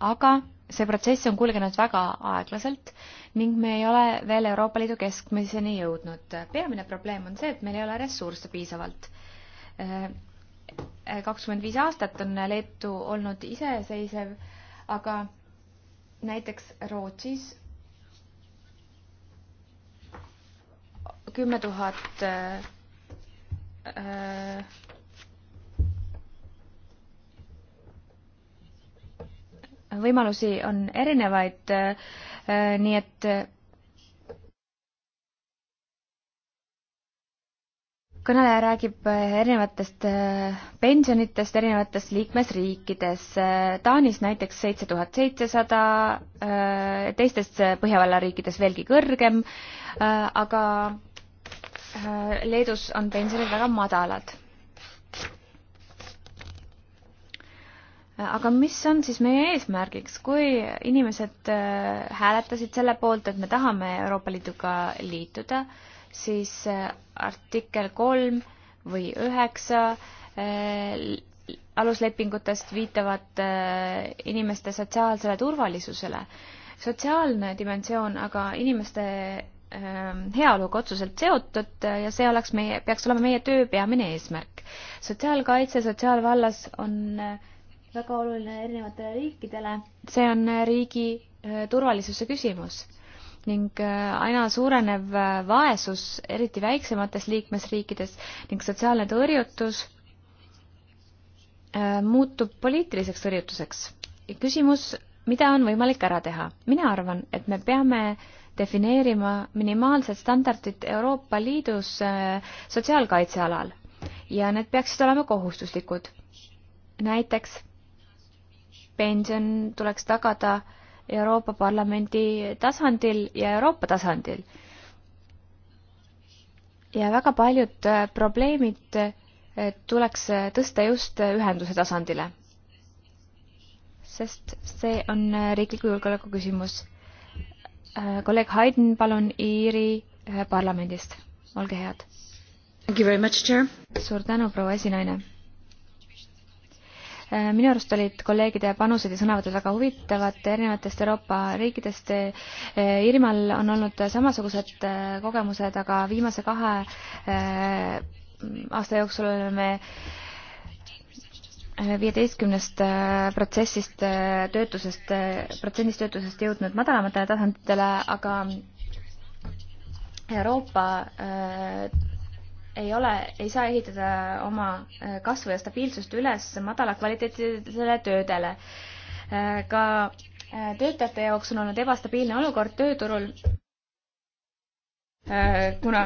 aga see protsess on kulgenud väga aeglaselt ning me ei ole veel Euroopa Liidu keskmiseni jõudnud. peamine probleem on see, et meil ei ole ressursse piisavalt. Äh, kakskümmend viis aastat on Leetu olnud iseseisev, aga näiteks Rootsis kümme tuhat äh, võimalusi on erinevaid, äh, nii et kõneleja räägib äh, erinevatest äh, pensionitest erinevates liikmesriikides. Äh, Taanis näiteks seitse tuhat seitsesada, teistes Põhjavalla riikides veelgi kõrgem, aga Leedus on pensionid väga madalad. aga mis on siis meie eesmärgiks, kui inimesed hääletasid selle poolt, et me tahame Euroopa Liiduga liituda äh,, siis äh, artikkel kolm või üheksa äh, aluslepingutest viitavad äh, inimeste sotsiaalsele turvalisusele. sotsiaalne dimensioon aga inimeste ähm, heaoluga otseselt seotud ja see oleks meie, peaks olema meie töö peamine eesmärk. sotsiaalkaitse sotsiaalvallas on väga oluline erinevatele riikidele. see on riigi turvalisuse küsimus ning äh, aina suurenev äh, vaesus, eriti väiksemates liikmesriikides ning sotsiaalne tõrjutus äh, muutub poliitiliseks tõrjutuseks. küsimus, mida on võimalik ära teha? mina arvan, et me peame defineerima minimaalsed standardid Euroopa Liidus sotsiaalkaitse alal ja need peaksid olema kohustuslikud. näiteks pension tuleks tagada äh, Euroopa Parlamendi tasandil ja Euroopa tasandil. ja väga paljud äh, probleemid äh, tuleks äh, tõsta just ühenduse tasandile. sest see on riikliku julgeoleku küsimus. kolleeg Haydn, palun Iiri parlamendist, olge head. suur tänu, proua esinaine Äh, minu arust olid kolleegide panused ja sõnavõtud väga huvitavad erinevatest Euroopa riikidest. Äh, Iirimaal on olnud samasugused äh, kogemused, aga viimase kahe aasta jooksul oleme viieteistkümnest protsessist töötusest, protsendist töötusest jõudnud madalamatele tasanditele, aga Euroopa ei ole, ei saa ehitada oma äh, kasvu ja stabiilsust üles madala kvaliteetidele töödele. Äh, ka äh, töötajate jaoks on olnud ebastabiilne olukord tööturul, kuna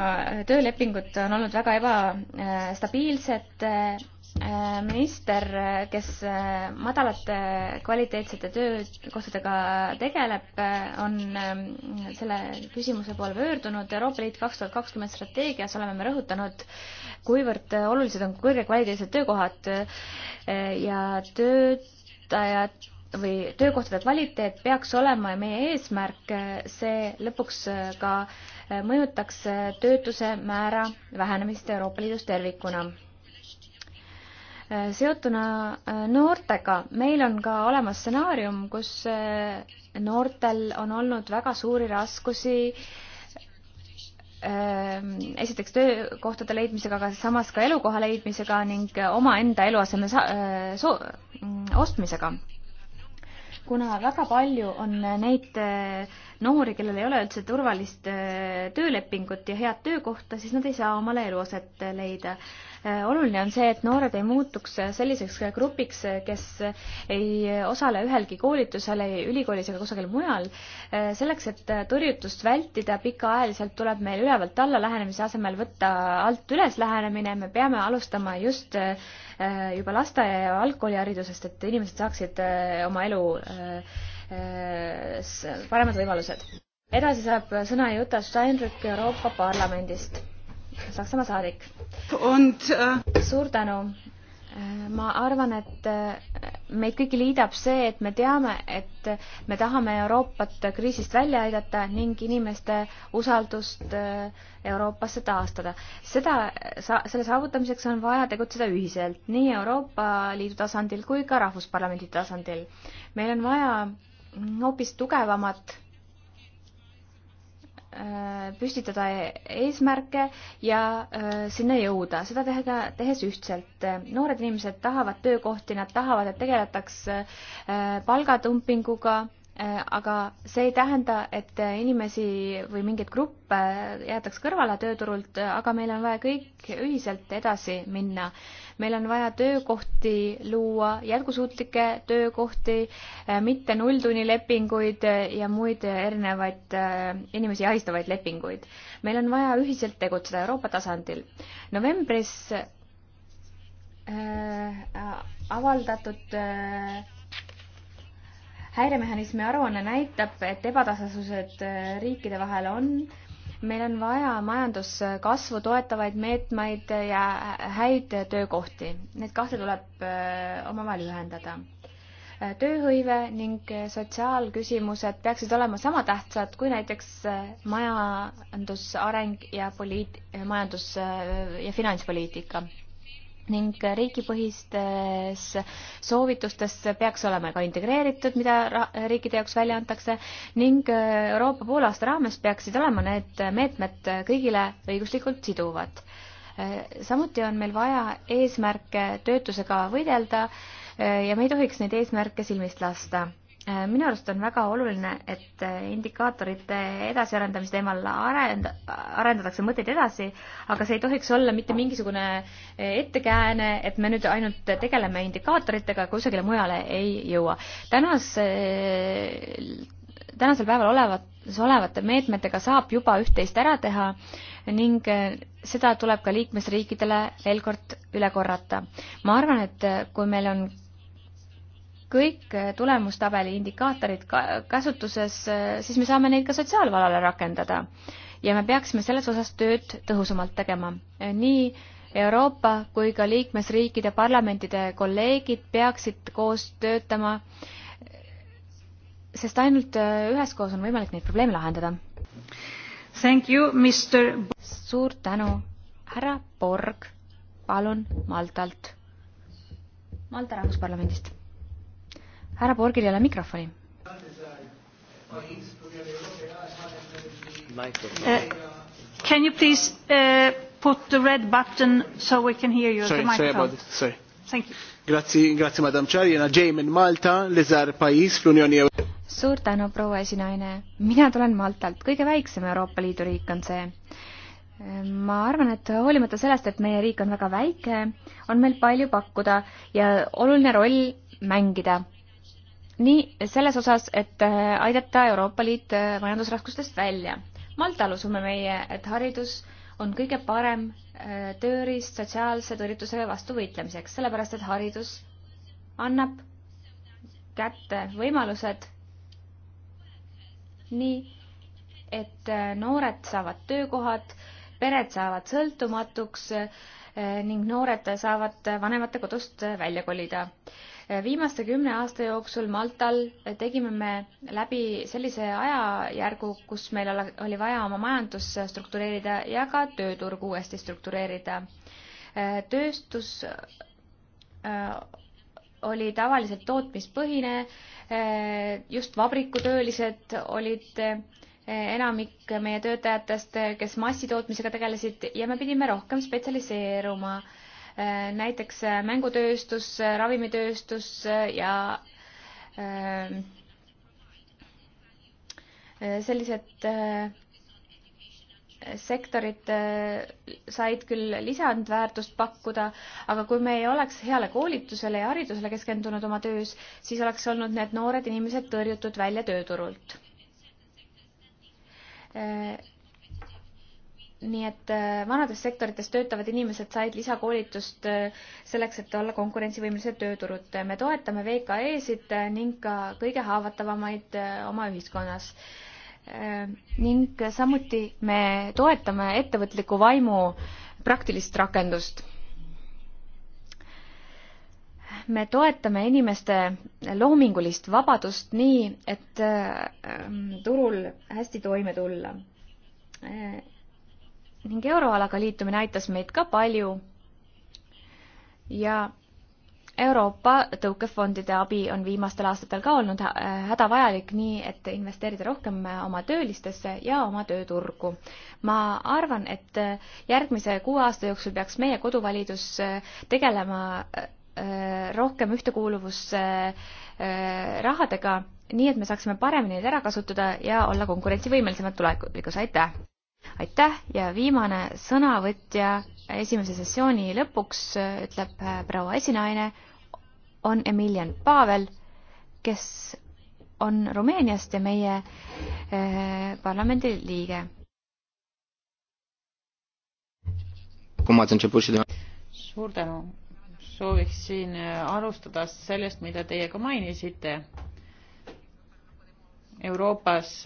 töölepingud on olnud väga ebastabiilsed Äh, minister, äh, kes äh, madalate kvaliteetsete töökohtadega tegeleb, on ähm, selle küsimuse poole pöördunud. Euroopa Liit kaks tuhat kakskümmend strateegias oleme me rõhutanud, kuivõrd olulised on kõrgekvaliteetsed töökohad ja töötajad või töökohtade kvaliteet peaks olema meie eesmärk, see lõpuks ka mõjutaks töötuse määra vähenemist Euroopa Liidus tervikuna Äh, seotuna äh, noortega, meil on ka olemas stsenaarium, kus äh, noortel on olnud väga suuri raskusi ähm, esiteks töökohtade leidmisega, aga samas ka elukoha leidmisega ning omaenda eluaseme so mm, ostmisega. kuna väga palju on neid noori, kellel ei ole üldse turvalist töölepingut ja head töökohta, siis nad ei saa omale eluaset leida Äh, oluline on see, et noored ei muutuks selliseks grupiks, kes ei osale ühelgi koolitusel, ei ülikoolis ega kusagil mujal. Äh, selleks, et tõrjutust vältida pikaajaliselt, tuleb meil ülevalt alla lähenemise asemel võtta alt üles lähenemine, me peame alustama just äh, juba lasteaia ja algkooliharidusest, et inimesed saaksid oma elu paremad võimalused. edasi saab sõna Juta Steinrück Euroopa Parlamendist Saksamaa saadik. Äh... suur tänu. Äh, ma arvan, et äh, meid kõiki liidab see, et me teame, et me tahame Euroopat kriisist välja aidata ning inimeste usaldust äh, Euroopasse taastada. seda, selle saavutamiseks on vaja tegutseda ühiselt nii Euroopa Liidu tasandil kui ka Rahvusparlamendi tasandil. meil on vaja hoopis tugevamat Äh, püstitada eesmärke ja äh, sinna jõuda, seda teha, tehes ühtselt. noored inimesed tahavad töökohti, nad tahavad, et tegeletaks äh, palgatumpinguga Äh, aga see ei tähenda, et äh, inimesi või mingeid gruppe äh, jäetaks kõrvale tööturult, aga meil on vaja kõik ühiselt edasi minna. meil on vaja töökohti luua, jätkusuutlikke töökohti, mitte nulltunnilepinguid ja muid erinevaid inimesi ahistavaid lepinguid. meil on vaja ühiselt tegutseda Euroopa tasandil. novembris äh, avaldatud äh, häiremehhanismi aruanne näitab, et ebatasasused äh, riikide vahel on. meil on vaja majanduskasvu toetavaid meetmeid ja häid töökohti. Need kahte tuleb äh, omavahel ühendada äh, tööhõive ning sotsiaalküsimused peaksid olema sama tähtsad kui näiteks majandusareng ja poliit-, majandus- ja finantspoliitika ning riigipõhistes soovitustes peaks olema ka integreeritud, mida riikide jaoks välja antakse ning Euroopa poolaasta raames peaksid olema need meetmed kõigile õiguslikult siduvad. samuti on meil vaja eesmärke töötusega võidelda ja me ei tohiks neid eesmärke silmist lasta. Äh, minu arust on väga oluline, et äh, indikaatorite edasiarendamise teemal arend-, arendatakse mõtteid edasi, aga see ei tohiks olla mitte mingisugune äh, ettekääne, et me nüüd ainult tegeleme indikaatoritega, kusagile mujale ei jõua. tänase, tänasel päeval olevat, olevate meetmetega saab juba üht-teist ära teha ning seda tuleb ka liikmesriikidele veel kord üle korrata. ma arvan, et kui meil on kõik eh, tulemustabeli indikaatorid käsutuses, eh, siis me saame neid ka sotsiaalvalale rakendada. ja me peaksime selles osas tööd tõhusamalt tegema. Eh, nii Euroopa kui ka liikmesriikide parlamentide kolleegid peaksid koos töötama, sest ainult üheskoos on võimalik neid probleeme lahendada. Thank you, Mr. suur tänu, härra Borg, palun Maltalt, Malta Rahvusparlamendist härra Borgil ei ole mikrofoni. Uh, can you please uh, put the red button so we can hear you sorry, at the microphone? Sorry about this. Sorry. Thank you. Grazie, grazie Madam Chair. Jena Jay minn Malta, l-iżgħar pajjiż fl-Unjoni Ewropea. suur tänu, proua esinaine. mina tulen Maltalt, kõige väiksem Euroopa Liidu riik on see ma arvan, et hoolimata sellest, et meie riik on väga väike, on meil palju pakkuda ja oluline roll mängida nii selles osas, et äh, aidata Euroopa Liit äh, majandusraskustest välja. Maltal usume meie, et haridus on kõige parem äh, tööriist sotsiaalse tõrjutusele vastu võitlemiseks, sellepärast et haridus annab kätte võimalused nii, et noored saavad töökohad, pered saavad sõltumatuks ning noored saavad vanemate kodust välja kolida viimaste kümne aasta jooksul Maltal tegime me läbi sellise ajajärgu, kus meil oli vaja oma majandus struktureerida ja ka tööturg uuesti struktureerida. Äh, tööstus äh, oli tavaliselt tootmispõhine, äh, just vabrikutöölised olid enamik meie töötajatest, kes massitootmisega tegelesid ja me pidime rohkem spetsialiseeruma Äh, näiteks äh, mängutööstus, äh, ravimitööstus ja ähm, sellised sektorid said küll lisandväärtust pakkuda, aga kui me ei oleks heale koolitusele ja haridusele keskendunud oma töös, siis oleks olnud need noored inimesed tõrjutud välja tööturult nii et äh, vanades sektorites töötavad inimesed said lisakoolitust äh, selleks, et olla konkurentsivõimelised tööturud. me toetame VKE-sid äh, ning ka kõige haavatavamaid oma ühiskonnas. ning samuti me toetame ettevõtliku vaimu praktilist rakendust. me toetame inimeste loomingulist vabadust nii, et turul hästi toime tulla ning euroalaga liitumine aitas meid ka palju ja Euroopa tõukefondide abi on viimastel aastatel ka olnud hädavajalik, nii et investeerida rohkem äh, oma töölistesse ja oma tööturgu. ma arvan, et äh, järgmise kuue aasta jooksul peaks meie koduvalitsus äh, tegelema rohkem ühtekuuluvusrahadega, nii et me saaksime paremini neid ära kasutada ja olla konkurentsivõimelisemad tulevikus, aitäh! aitäh ja viimane sõnavõtja esimese sessiooni lõpuks, ütleb äh, proua esinaine, on Emilian Pavel, kes on Rumeeniast ja meie eh, parlamendi liige. suur tänu. sooviksin äh, alustada sellest, mida teie ka mainisite. Euroopas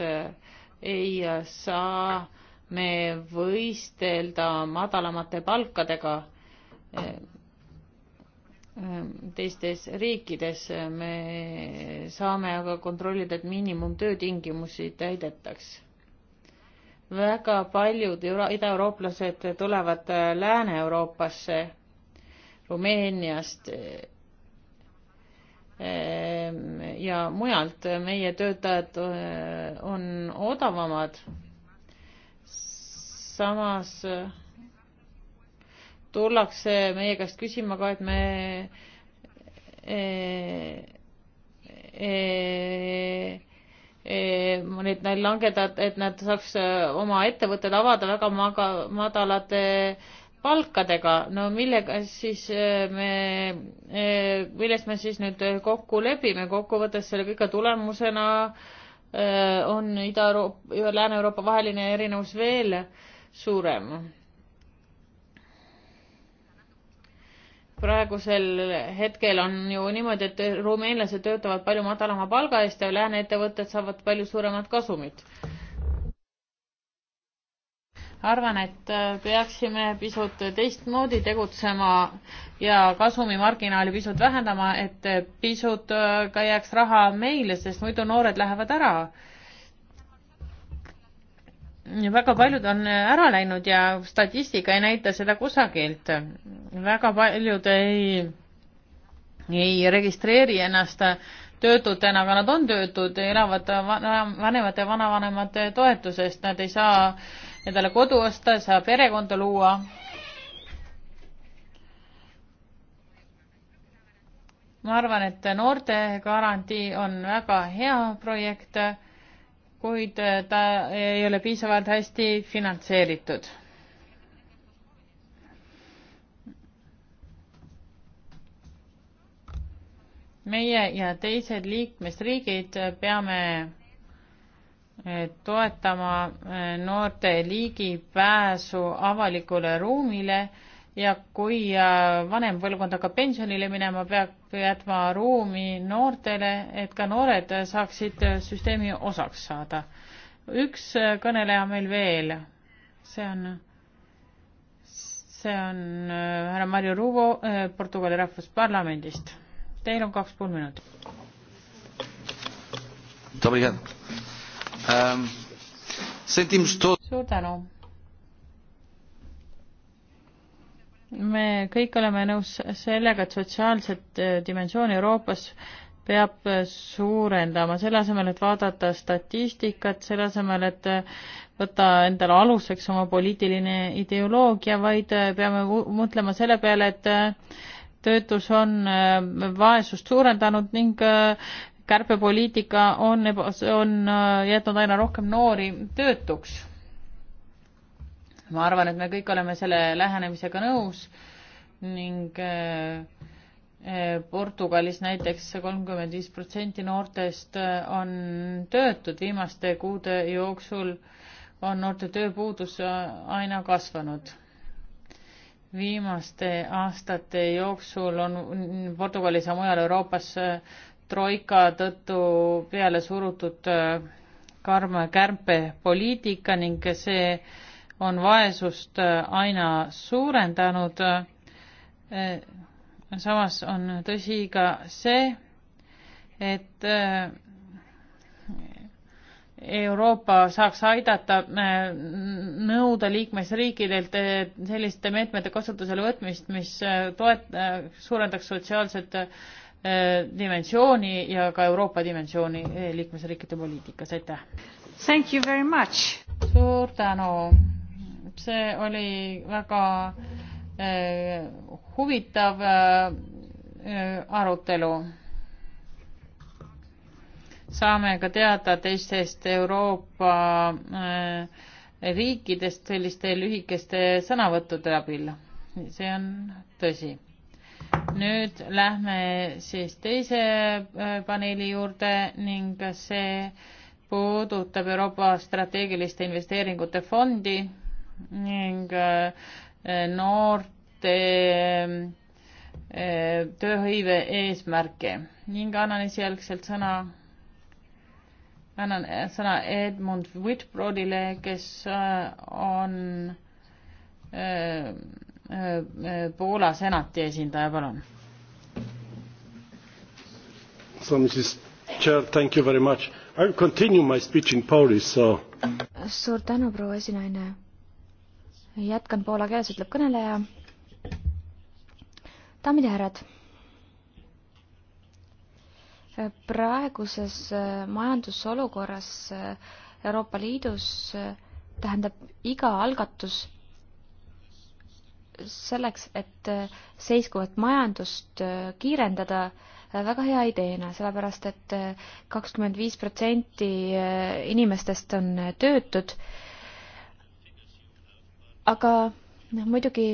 ei saa äh, me võistelda madalamate palkadega eh, eh, teistes riikides. me saame aga kontrollida, et miinimumtöötingimusi täidetaks. väga paljud idaeurooplased tulevad eh, Lääne-Euroopasse, Rumeeniast ja mujalt meie töötajad on odavamad samas äh, tullakse meie käest küsima ka, et me e, e, e, need langedad, et nad saaks äh, oma ettevõtted avada väga maga, madalate palkadega, no millega siis äh, me, millest me siis nüüd kokku lepime, kokkuvõttes selle kõige tulemusena on Ida-Euroopa, Lääne-Euroopa vaheline erinevus veel suurem. praegusel hetkel on ju niimoodi, et rumeenlased töötavad palju madalama palga eest ja lääne ettevõtted saavad palju suuremat kasumit. arvan, et peaksime pisut teistmoodi tegutsema ja kasumimarginaali pisut vähendama, et pisut ka jääks raha meile, sest muidu noored lähevad ära väga paljud on ära läinud ja statistika ei näita seda kusagilt. väga paljud ei, ei registreeri ennast töötutena, aga nad on töötud, elavad vanemate ja vanavanemate toetusest, nad ei saa endale kodu osta, ei saa perekonda luua. ma arvan, et noorte garantii on väga hea projekt kuid äh, ta ei ole piisavalt hästi finantseeritud. meie ja teised liikmesriigid peame äh, toetama äh, noorte ligipääsu avalikule ruumile ja kui äh, vanem põlvkond hakkab pensionile minema, peab jätma ruumi noortele, et ka noored saaksid äh, süsteemi osaks saada. üks äh, kõneleja meil veel, see on, see on härra Mario Ruvo Portugali Rahvusparlamendist. Teil on kaks pool minutit. suur tänu me kõik oleme nõus sellega, et sotsiaalset äh, dimensiooni Euroopas peab äh, suurendama, selle asemel, et vaadata statistikat, selle asemel, et äh, võtta endale aluseks oma poliitiline ideoloogia, vaid peame mõtlema selle peale, et töötus on vaesust suurendanud ning kärpepoliitika on, on jätnud aina rohkem noori töötuks ma arvan, et me kõik oleme selle lähenemisega nõus ning eh, eh, Portugalis näiteks kolmkümmend viis protsenti noortest eh, on töötud, viimaste kuude jooksul on noorte tööpuudus aina kasvanud. viimaste aastate jooksul on Portugalis ja mujal Euroopas troika tõttu peale surutud karm kärpepoliitika ning see on vaesust äh, aina suurendanud. Äh, samas on tõsi ka see, et äh, Euroopa saaks aidata nõuda liikmesriikidelt selliste meetmete kasutusele võtmist, mis toet-, suurendaks sotsiaalset dimensiooni ja ka Euroopa dimensiooni liikmesriikide poliitikas, aitäh! suur tänu! see oli väga äh, huvitav äh, arutelu. saame ka teada teistest Euroopa äh, riikidest selliste lühikeste sõnavõttude abil. see on tõsi. nüüd lähme siis teise äh, paneeli juurde ning see puudutab Euroopa strateegiliste investeeringute fondi ning äh, noorte äh, tööhõive eesmärke ning annan esialgselt sõna, annan äh, sõna Edmund Whitbroadile, kes on Poola senati esindaja, palun. So Mrs Chair, thank you very much. I will continue my speech in Polish, so. suur tänu, proua esinaine jätkan poola keeles, ütleb kõneleja. daamid ja härrad. praeguses äh, majandusolukorras äh, Euroopa Liidus äh, tähendab iga algatus selleks, et seiskuvat majandust kiirendada, väga hea ideena, sellepärast et kakskümmend viis protsenti inimestest on töötud aga noh, muidugi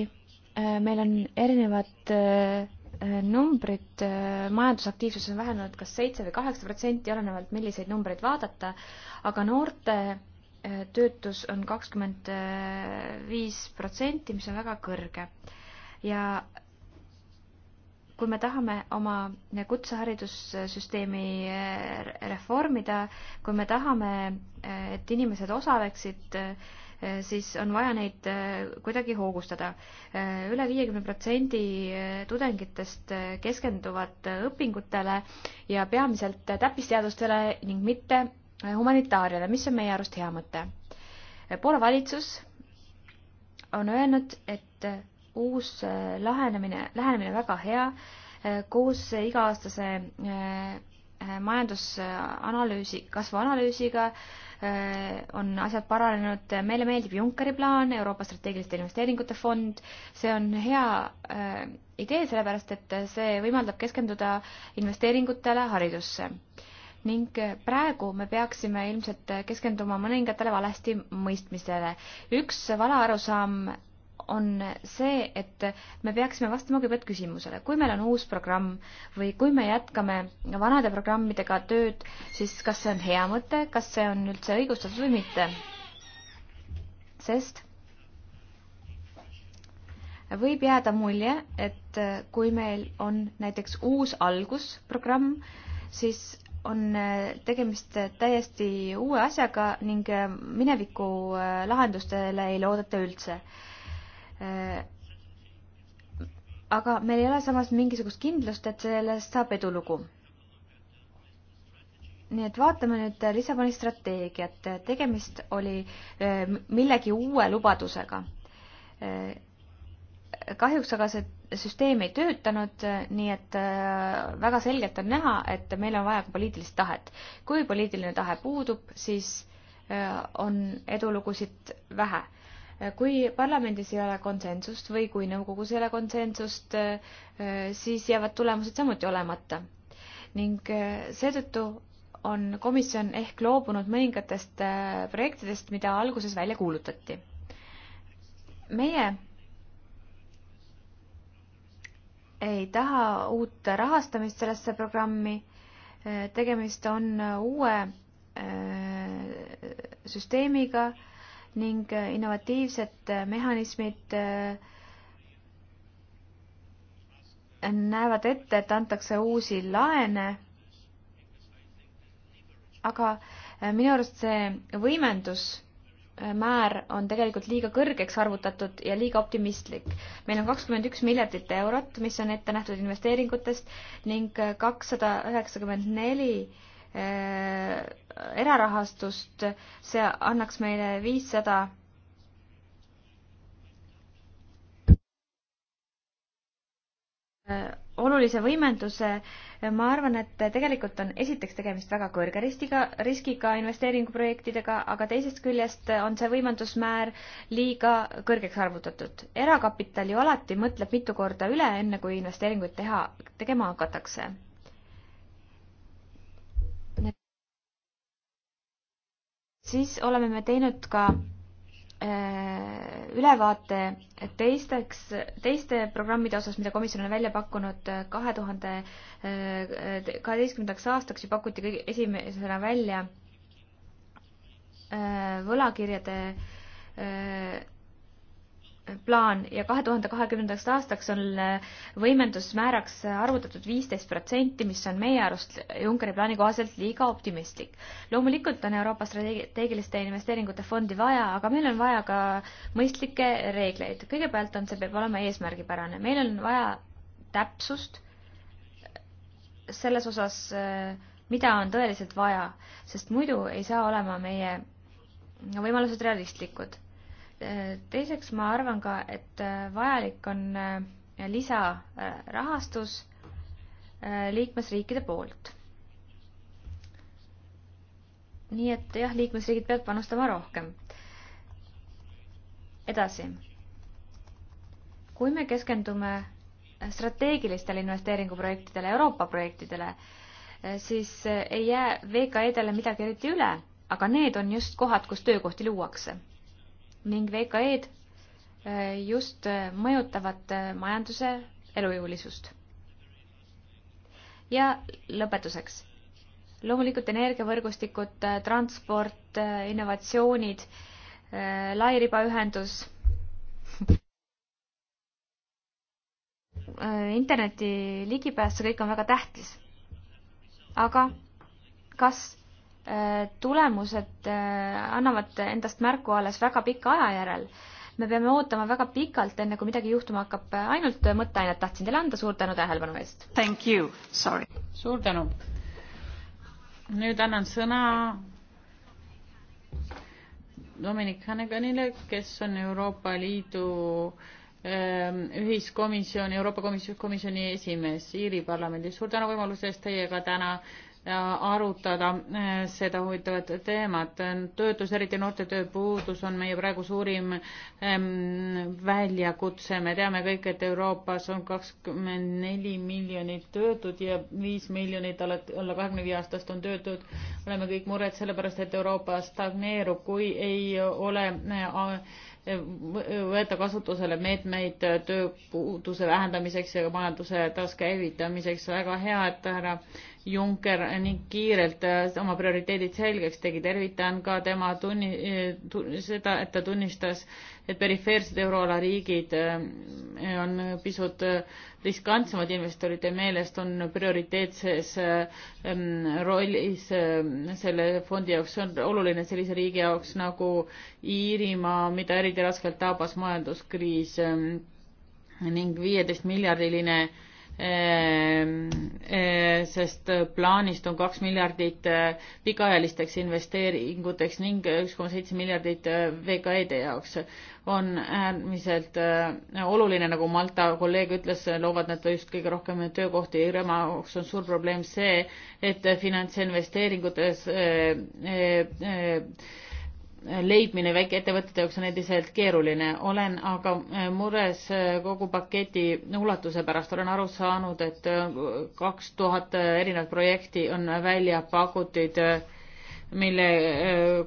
äh, meil on erinevad äh, numbrid, äh, majandusaktiivsus on vähenenud kas seitse või kaheksa protsenti, olenevalt milliseid numbreid vaadata, aga noorte töötus on kakskümmend viis protsenti, mis on väga kõrge. ja kui me tahame oma kutseharidussüsteemi reformida, kui me tahame, et inimesed osaleksid Eh, siis on vaja neid eh, kuidagi hoogustada üle. Eh, üle viiekümne protsendi tudengitest keskenduvad õpingutele ja peamiselt täppisteadustele ning mitte humanitaariale, mis on meie arust hea mõte. Poola valitsus on öelnud, et uus lähenemine, lähenemine väga hea, koos iga-aastase Äh, majandusanalüüsi, kasvuanalüüsiga äh, on asjad paranenud, meile meeldib Junckeri plaan, Euroopa strateegiliste investeeringute fond, see on hea äh, idee, sellepärast et see võimaldab keskenduda investeeringutele haridusse. ning praegu me peaksime ilmselt keskenduma mõningatele valesti mõistmisele. üks vale arusaam on see, et me peaksime vastama kõigepealt küsimusele, kui meil on uus programm või kui me jätkame vanade programmidega tööd, siis kas see on hea mõte, kas see on üldse õigustatud või mitte? sest võib jääda mulje, et kui meil on näiteks uus algusprogramm, siis on tegemist täiesti uue asjaga ning mineviku lahendustele ei loodeta üldse Äh, aga meil ei ole samas mingisugust kindlust, et sellest saab edulugu. nii et vaatame nüüd Lissaboni strateegiat. tegemist oli äh, millegi uue lubadusega. Äh, kahjuks aga see süsteem ei töötanud, nii et väga selgelt on näha, et meil on vaja ka poliitilist tahet. kui poliitiline tahe puudub, siis on edulugusid vähe kui parlamendis ei ole konsensust või kui nõukogus ei ole konsensust, äh, siis jäävad tulemused samuti olemata. ning äh, seetõttu on komisjon ehk loobunud mõningatest äh, projektidest, mida alguses välja kuulutati. meie ei taha uut rahastamist sellesse programmi. tegemist on uue süsteemiga ning äh, innovatiivsed äh, mehhanismid äh, näevad ette, et antakse uusi laene. aga minu arust see võimendusmäär on tegelikult liiga kõrgeks arvutatud ja liiga optimistlik. meil on kakskümmend üks miljardit eurot, mis on ette nähtud investeeringutest ning kakssada üheksakümmend neli Äh, erarahastust, see annaks meile viissada äh, olulise võimenduse, ma arvan, et tegelikult on esiteks tegemist väga kõrge riskiga, riskiga investeeringuprojektidega, aga teisest küljest on see võimendusmäär liiga kõrgeks arvutatud. erakapital ju alati mõtleb mitu korda üle, enne kui investeeringuid teha, tegema hakatakse siis oleme me teinud ka äh, ülevaate teisteks, teiste programmide osas, mida komisjon on välja pakkunud äh, kahe tuhande äh, kaheteistkümnendaks aastaks ju pakuti kõige esimesena välja võlakirjade plaan ja kahe tuhande kahekümnendaks aastaks on võimendusmääraks arvutatud viisteist protsenti, mis on meie arust Junckeri plaani kohaselt liiga optimistlik. loomulikult on Euroopa strateegiliste investeeringute fondi vaja, aga meil on vaja ka mõistlikke reegleid. kõigepealt on, see peab olema eesmärgipärane, meil on vaja täpsust selles osas, mida on tõeliselt vaja, sest muidu ei saa olema meie võimalused realistlikud teiseks ma arvan ka, et äh, vajalik on äh, lisarahastus äh, liikmesriikide poolt. nii et jah, liikmesriigid peavad panustama rohkem. edasi. kui me keskendume strateegilistele investeeringuprojektidele, Euroopa projektidele, siis ei jää VKE-dele midagi eriti üle, aga need on just kohad, kus töökohti luuakse ning VKE-d äh, just äh, mõjutavad äh, majanduse elujõulisust. ja lõpetuseks. loomulikult energiavõrgustikud, transport, innovatsioonid, lairibaühendus, interneti ligipääs, see kõik on väga tähtis. aga kas Äh, tulemused äh, annavad endast märku alles väga pika aja järel. me peame ootama väga pikalt, enne kui midagi juhtuma hakkab. ainult mõtteainet tahtsin teile anda, suur tänu tähelepanu eest! Thank you, sorry! suur tänu! nüüd annan sõna Dominic Hanneganile, kes on Euroopa Liidu ähm, ühiskomisjoni, Euroopa Komisjoni esimees Iiri parlamendis. suur tänu võimaluse eest teiega täna arutada äh, seda huvitavat teemat. töötus, eriti noorte tööpuudus, on meie praegu suurim ähm, väljakutse. me teame kõik, et Euroopas on kakskümmend neli miljonit töötut ja viis miljonit alla kahekümne viie aastast on töötud. oleme kõik mured sellepärast, et Euroopa stagneerub, kui ei ole äh, äh, võeta kasutusele meetmeid tööpuuduse vähendamiseks ja majanduse taaskäivitamiseks. väga hea, et härra Juncker ning kiirelt äh, oma prioriteedid selgeks tegi. tervitan ka tema tunni, äh, seda, et ta tunnistas, et perifeersed euroala riigid äh, on pisut riskantsemad investorite meelest, on prioriteetses ähm, rollis selle fondi jaoks, see on oluline sellise riigi jaoks nagu Iirimaa, mida eriti raskelt tabas majanduskriis ähm, ning viieteist miljardiline Ehm, eh, sest plaanist on kaks miljardit eh, pikaajalisteks investeeringuteks ning üks koma seitse miljardit eh, VKE-de jaoks. on äärmiselt oluline, nagu Malta kolleeg ütles, loovad nad just kõige rohkem töökohti. Irema jaoks on suur probleem see, et finantsinvesteeringutes äh, äh, leidmine väikeettevõtete jaoks on endiselt keeruline. olen aga äh, mures äh, kogu paketi ulatuse pärast. olen aru saanud, et äh, kaks tuhat erinevat projekti on välja pakutud, mille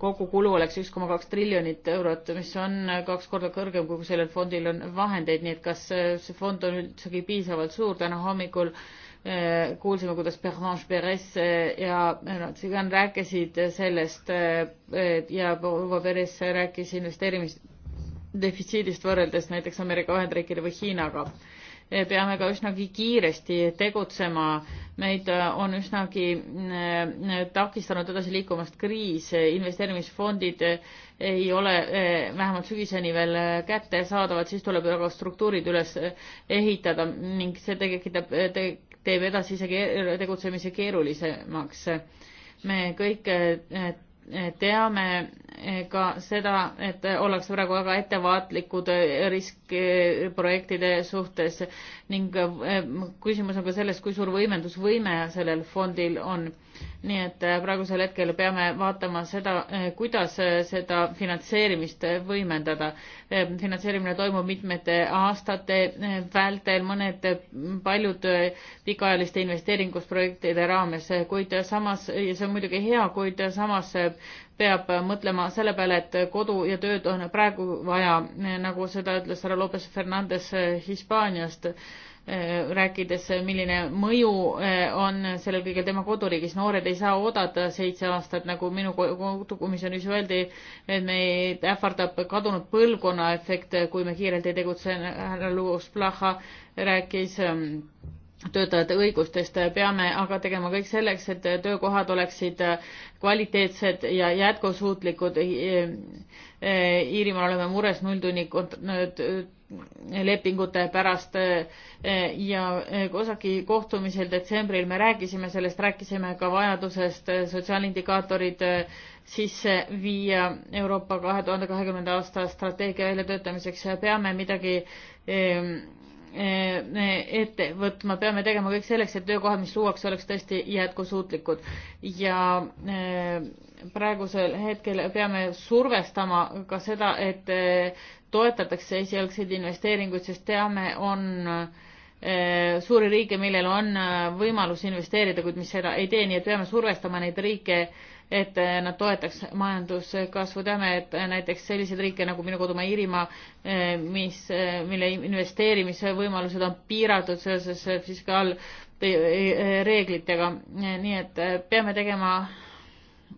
kogukulu oleks üks koma kaks triljonit eurot, mis on kaks korda kõrgem, kui sellel fondil on vahendeid, nii et kas see fond on üldsegi piisavalt suur. täna hommikul äh, Eh, kuulsime, kuidas Berlange Perez eh, ja Tsigan eh, rääkisid sellest ja Uvo Perez rääkis investeerimisdefitsiidist võrreldes näiteks Ameerika Ühendriikide või Hiinaga. peame ka üsnagi kiiresti tegutsema, meid on üsnagi takistanud edasi liikumast kriis, investeerimisfondid ei ole vähemalt sügiseni veel kättesaadavad, siis tuleb aga struktuurid üles ehitada ning see tekitab, teeb edasise keer tegutsemise keerulisemaks. me kõik eh, teame eh, ka seda, et ollakse praegu väga ettevaatlikud eh, riskprojektide suhtes ning küsimus on ka selles, kui suur võimendusvõime sellel fondil on nii et äh, praegusel hetkel peame vaatama seda, äh, kuidas äh, seda finantseerimist võimendada. finantseerimine toimub mitmete aastate vältel, mõned paljud pikaajaliste investeeringusprojektide raames, kuid samas, see on muidugi hea, kuid samas peab mõtlema selle peale, et kodu ja tööd on praegu vaja, nagu seda ütles härra Lopez Fernandez Hispaaniast Äh, rääkides, milline mõju äh, on sellel kõigel tema koduriigis. noored ei saa oodata seitse aastat, nagu minu kodukomisjonis öeldi, et meid ähvardab kadunud põlvkonna efekt, kui me kiirelt ei tegutse. härra Luos Plaha rääkis ähm, töötajate õigustest, peame aga tegema kõik selleks, et töökohad oleksid kvaliteetsed ja jätkusuutlikud. E, e, Iirimaal oleme mures nulltunni lepingute pärast e, ja COSAC-i kohtumisel detsembril me rääkisime sellest, rääkisime ka vajadusest sotsiaalindikaatorid sisse viia Euroopa kahe tuhande kahekümnenda aasta strateegia väljatöötamiseks ja peame midagi Eh, ette võtma, peame tegema kõik selleks, et töökohad, mis luuakse, oleks tõesti jätkusuutlikud ja eh, praegusel hetkel peame survestama ka seda, et eh, toetatakse esialgseid investeeringuid, sest teame, on suuri riike, millel on võimalus investeerida, kuid mis seda ei tee, nii et peame survestama neid riike äh, et eh, nad toetaks majanduskasvu. teame, et näiteks selliseid riike nagu minu kodumaa Iirimaa, eh, mis, eh, mille investeerimisvõimalused on piiratud seoses fiskaalreeglitega. nii et peame tegema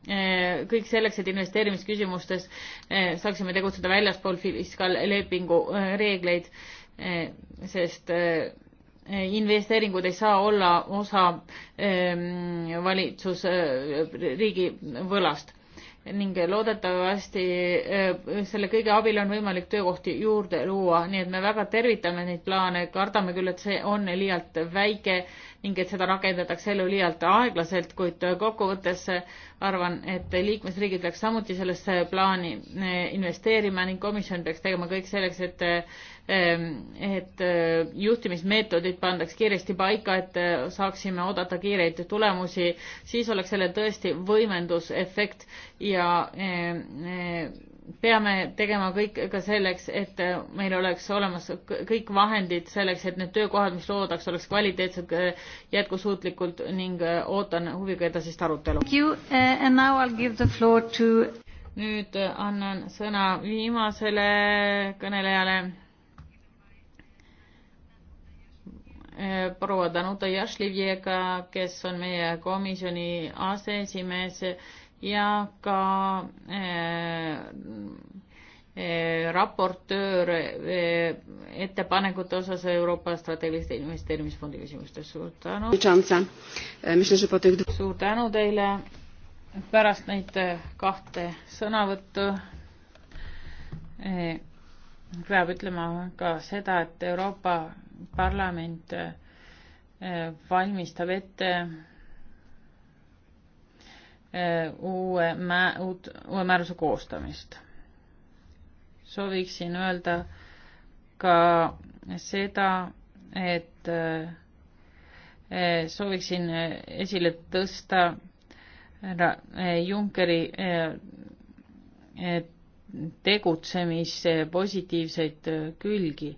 kõik selleks, et investeerimisküsimustes saaksime tegutseda väljaspool fiskaallepingu reegleid, sest investeeringud ei saa olla osa ehm, valitsus, äh, riigi võlast ning loodetavasti äh, selle kõige abil on võimalik töökohti juurde luua, nii et me väga tervitame neid plaane, kardame küll, et see on liialt väike ning et seda rakendatakse ellu liialt aeglaselt, kuid kokkuvõttes arvan, et liikmesriigid peaks samuti sellesse plaani eh, investeerima ning komisjon peaks tegema kõik selleks, et eh, et eh, juhtimismeetodid pandaks kiiresti paika, et saaksime oodata kiireid tulemusi, siis oleks sellel tõesti võimendusefekt ja peame tegema kõik ka selleks, et meil oleks olemas kõik vahendid selleks, et need töökohad, mis loodaks, oleks kvaliteetsed, jätkusuutlikult ning äh, ootan huviga edasist arutelu. Uh, to... nüüd annan sõna viimasele kõnelejale. Äh, proua Danuta Jašlivjega, kes on meie komisjoni aseesimees ja ka eh, eh, raportöör eh, ettepanekute osas Euroopa strateegiliste investeerimisfondi küsimustes. suur tänu. E, suur tänu teile. pärast neid kahte sõnavõttu peab ütlema ka seda, et Euroopa Parlament valmistab ette Äh, uue mä-, uut, uue määruse koostamist. sooviksin öelda ka seda, et äh, äh, sooviksin esile tõsta härra Junckeri tegutsemise positiivseid külgi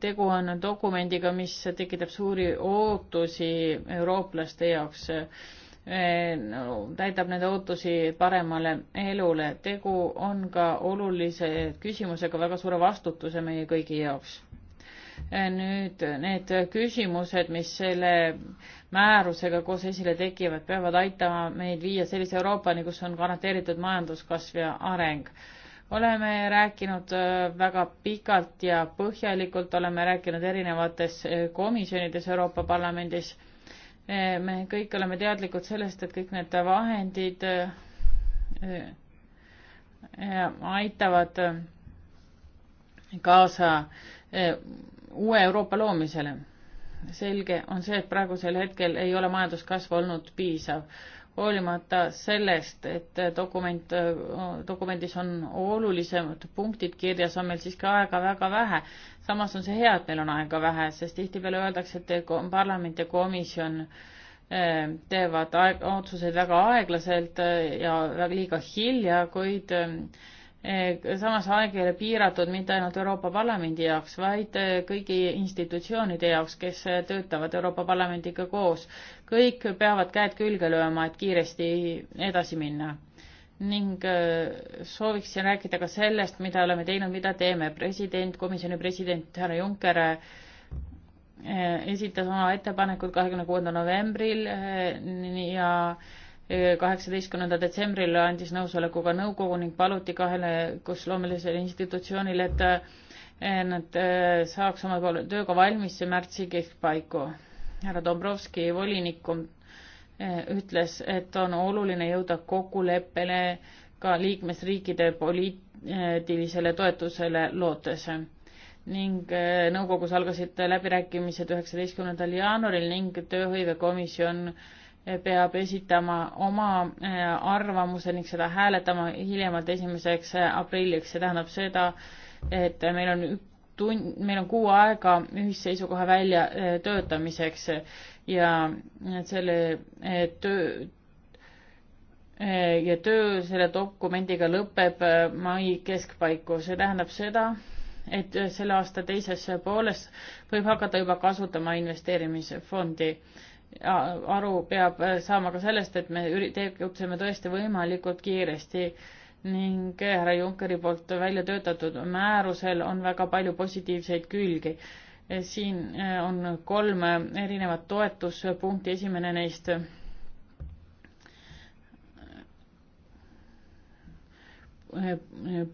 tegu on dokumendiga, mis tekitab suuri ootusi eurooplaste jaoks, e, täidab nende ootusi paremale elule. tegu on ka olulise küsimusega, väga suure vastutuse meie kõigi jaoks. E, nüüd need küsimused, mis selle määrusega koos esile tekivad, peavad aitama meid viia sellise Euroopani, kus on garanteeritud majanduskasv ja areng oleme rääkinud äh, väga pikalt ja põhjalikult, oleme rääkinud erinevates äh, komisjonides Euroopa Parlamendis. Äh, me kõik oleme teadlikud sellest, et kõik need vahendid aitavad kaasa uue Euroopa loomisele. selge on see, et praegusel hetkel ei ole majanduskasv olnud piisav hoolimata sellest, et dokument, dokumendis on olulisemad punktid kirjas, on meil siiski aega väga vähe. samas on see hea, et meil on aega vähe, sest tihtipeale öeldakse, et parlament ja komisjon eh, teevad aeg-, otsuseid väga aeglaselt eh, ja väga liiga hilja, kuid eh, samas aeg ei ole piiratud mitte ainult Euroopa Parlamendi jaoks, vaid kõigi institutsioonide jaoks, kes töötavad Euroopa Parlamendiga koos kõik peavad käed külge lööma, et kiiresti edasi minna. ning äh, sooviksin rääkida ka sellest, mida oleme teinud, mida teeme. president, komisjoni president härra Juncker äh, esitas oma ettepanekud kahekümne kuuendal novembril äh, ja kaheksateistkümnendal detsembril andis nõusoleku ka nõukogu ning paluti kahele kosloomelisele institutsioonile, et nad saaks oma tööga valmis märtsi keskpaiku härra Dombrovski volinik eh, ütles, et on oluline jõuda kokkuleppele ka liikmesriikide poliitilisele toetusele lootes ning eh, nõukogus algasid läbirääkimised üheksateistkümnendal jaanuaril ning tööhõivekomisjon eh, peab esitama oma arvamuse ning seda hääletama hiljemalt esimeseks aprilliks, see tähendab seda, et meil on tun-, meil on kuu aega ühisseisukoha väljatöötamiseks äh, ja selle äh, töö äh, ja töö selle dokumendiga lõpeb mai keskpaiku, see tähendab seda, et selle aasta teises pooles võib hakata juba kasutama investeerimisfondi. aru peab saama ka sellest, et me tegutseme tõesti võimalikult kiiresti ning härra Junckeri poolt välja töötatud määrusel on väga palju positiivseid külgi. siin eh, on kolm erinevat toetuspunkti, esimene neist eh,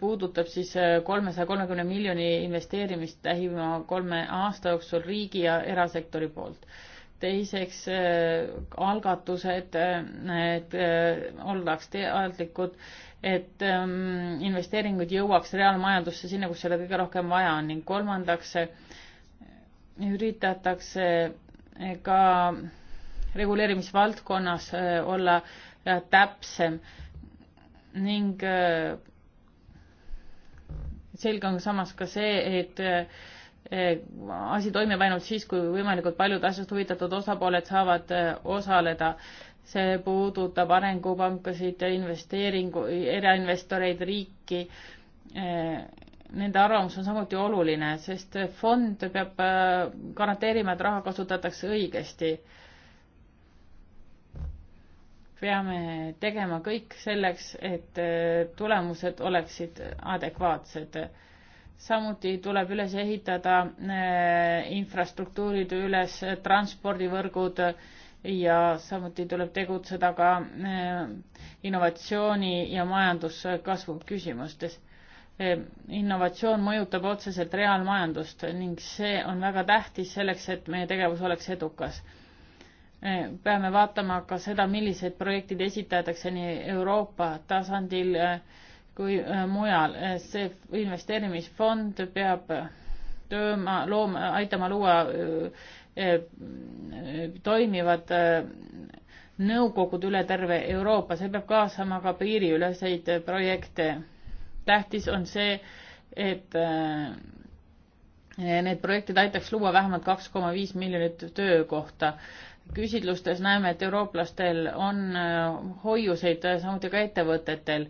puudutab siis eh, kolmesaja kolmekümne miljoni investeerimist lähima kolme aasta jooksul riigi ja erasektori poolt teiseks äh, algatused äh,, et äh, oldaks teadlikud et ähm, investeeringud jõuaks reaalmajandusse sinna, kus seda kõige rohkem vaja on ning kolmandaks äh, üritatakse äh, ka reguleerimisvaldkonnas äh, olla äh, täpsem ning äh, selge on samas ka see, et äh, asi toimib ainult siis, kui võimalikult paljud asjast huvitatud osapooled saavad osaleda see puudutab arengupankasid, investeeringu, erainvestoreid, riiki. Nende arvamus on samuti oluline, sest fond peab äh, garanteerima, et raha kasutatakse õigesti. peame tegema kõik selleks, et äh, tulemused oleksid adekvaatsed samuti tuleb üles ehitada äh, infrastruktuurid üles, transpordivõrgud ja samuti tuleb tegutseda ka eh, innovatsiooni ja majanduskasvu küsimustes. Eh, innovatsioon mõjutab otseselt reaalmajandust ning see on väga tähtis selleks, et meie tegevus oleks edukas. Eh, peame vaatama ka seda, millised projektid esitatakse nii Euroopa tasandil kui mujal. see investeerimisfond peab tööma, looma, aitama luua Eh, toimivad eh, nõukogud üle terve Euroopa, see peab kaasama ka piiriüleseid projekte. tähtis on see, et eh, need projektid aitaks luua vähemalt kaks koma viis miljonit töökohta. küsitlustes näeme, et eurooplastel on hoiuseid, samuti ka ettevõtetel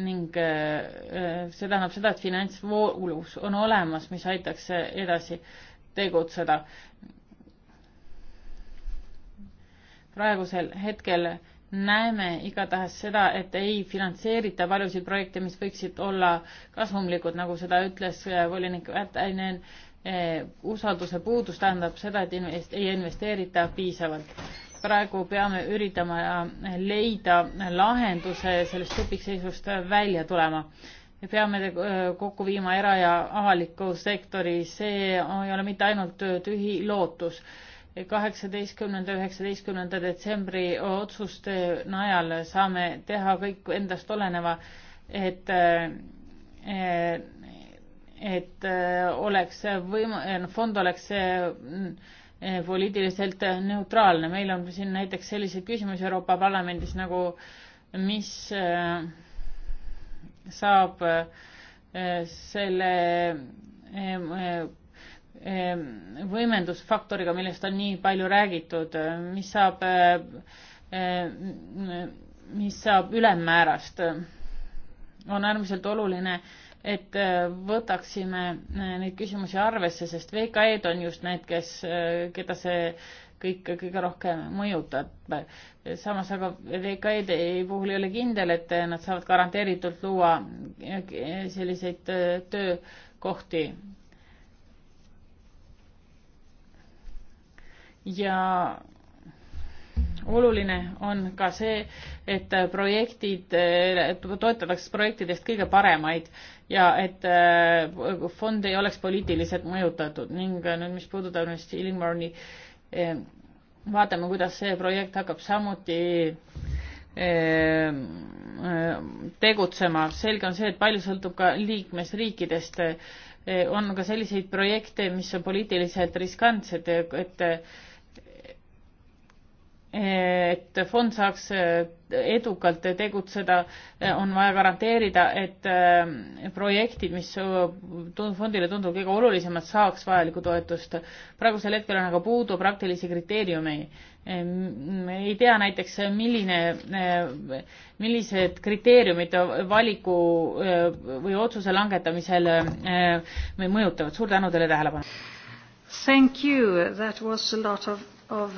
ning see tähendab seda, et finantsvoolus on olemas, mis aitaks edasi tegutseda praegusel hetkel näeme igatahes seda, et ei finantseerita paljusid projekte, mis võiksid olla kasumlikud, nagu seda ütles äh, volinik Vätainen. Äh, usalduse puudus tähendab seda, et invest-, ei investeerita piisavalt. praegu peame üritama äh, leida lahenduse sellest tupikseisust välja tulema. me peame kokku viima era- ja avaliku sektori, see ei ole mitte ainult tühi lootus kaheksateistkümnenda, üheksateistkümnenda detsembri otsuste najal saame teha kõik endast oleneva, et, eh, et eh, oleks võim-, fond oleks eh, poliitiliselt neutraalne. meil on siin näiteks selliseid küsimusi Euroopa Parlamendis nagu, mis saab selle Ehm, võimendusfaktoriga, millest on nii palju räägitud, mis saab, ehm, mis saab ülemmäärast. on äärmiselt oluline, et võtaksime neid küsimusi arvesse, sest VKE-d on just need, kes, keda see kõik kõige rohkem mõjutab. samas aga VKE-de puhul ei ole kindel, et nad saavad garanteeritult luua selliseid töökohti ja oluline on ka see, et projektid, toetatakse projektidest kõige paremaid ja et äh, fond ei oleks poliitiliselt mõjutatud ning nüüd, mis puudutab nüüd Stillingborni, äh, vaatame, kuidas see projekt hakkab samuti äh, tegutsema. selge on see, et palju sõltub ka liikmesriikidest. on ka selliseid projekte, mis on poliitiliselt riskantsed, et, et et fond saaks eh, edukalt tegutseda, eh, on vaja garanteerida, et eh, projektid, mis fondile tunduvad kõige olulisemad, saaks vajalikku toetust. praegusel hetkel on aga puudu praktilisi kriteeriume. me ei tea näiteks, milline, millised kriteeriumid valiku või otsuse langetamisel mõjutavad. suur tänu teile tähelepanu! Thank you, that was a lot of of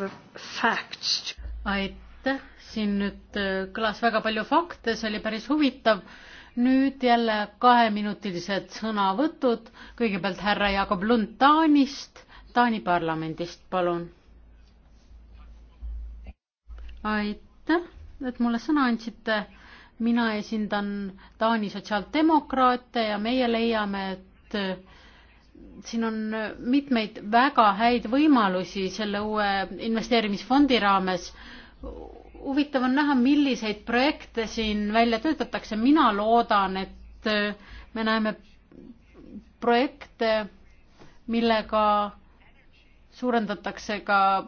facts. aitäh, siin nüüd äh, kõlas väga palju fakte, see oli päris huvitav. nüüd jälle kaheminutilised sõnavõtud, kõigepealt härra Jakob Lund Taanist, Taani parlamendist, palun. aitäh, et mulle sõna andsite. mina esindan Taani sotsiaaldemokraate ja meie leiame, et siin on mitmeid väga häid võimalusi selle uue investeerimisfondi raames. huvitav on näha, milliseid projekte siin välja töötatakse. mina loodan, et me näeme projekte, millega suurendatakse ka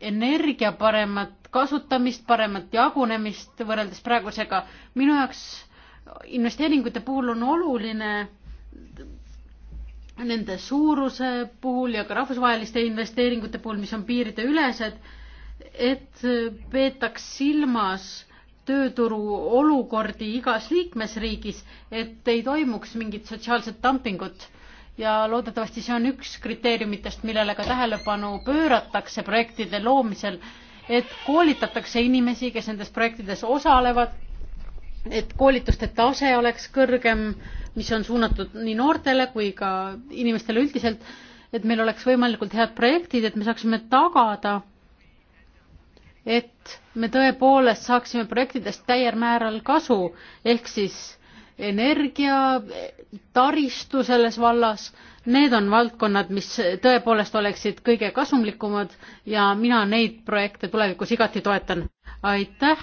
energia paremat kasutamist, paremat jagunemist võrreldes praegusega. minu jaoks investeeringute puhul on oluline nende suuruse puhul ja ka rahvusvaheliste investeeringute puhul, mis on piirideülesed, et peetaks silmas tööturu olukordi igas liikmesriigis, et ei toimuks mingit sotsiaalset dumpingut ja loodetavasti see on üks kriteeriumitest, millele ka tähelepanu pööratakse projektide loomisel, et koolitatakse inimesi, kes nendes projektides osalevad, et koolituste tase oleks kõrgem mis on suunatud nii noortele kui ka inimestele üldiselt, et meil oleks võimalikult head projektid, et me saaksime tagada, et me tõepoolest saaksime projektidest täiel määral kasu, ehk siis energia, taristu selles vallas, need on valdkonnad, mis tõepoolest oleksid kõige kasumlikumad ja mina neid projekte tulevikus igati toetan. aitäh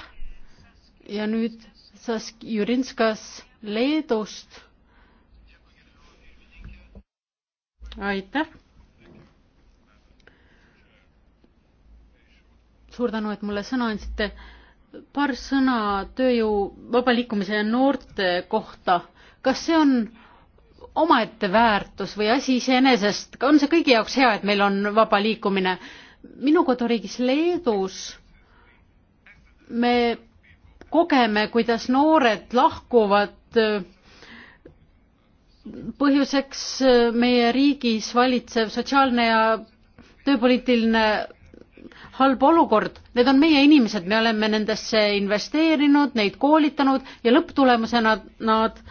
ja nüüd Sask Jurintskas Leedust aitäh. suur tänu, et mulle sõna andsite. paar sõna tööjõu vaba liikumise ja noorte kohta. kas see on omaette väärtus või asi iseenesest, on see kõigi jaoks hea, et meil on vaba liikumine? minu koduriigis Leedus me kogeme, kuidas noored lahkuvad põhjuseks äh, meie riigis valitsev sotsiaalne ja tööpoliitiline halb olukord, need on meie inimesed, me oleme nendesse investeerinud, neid koolitanud ja lõpptulemusena nad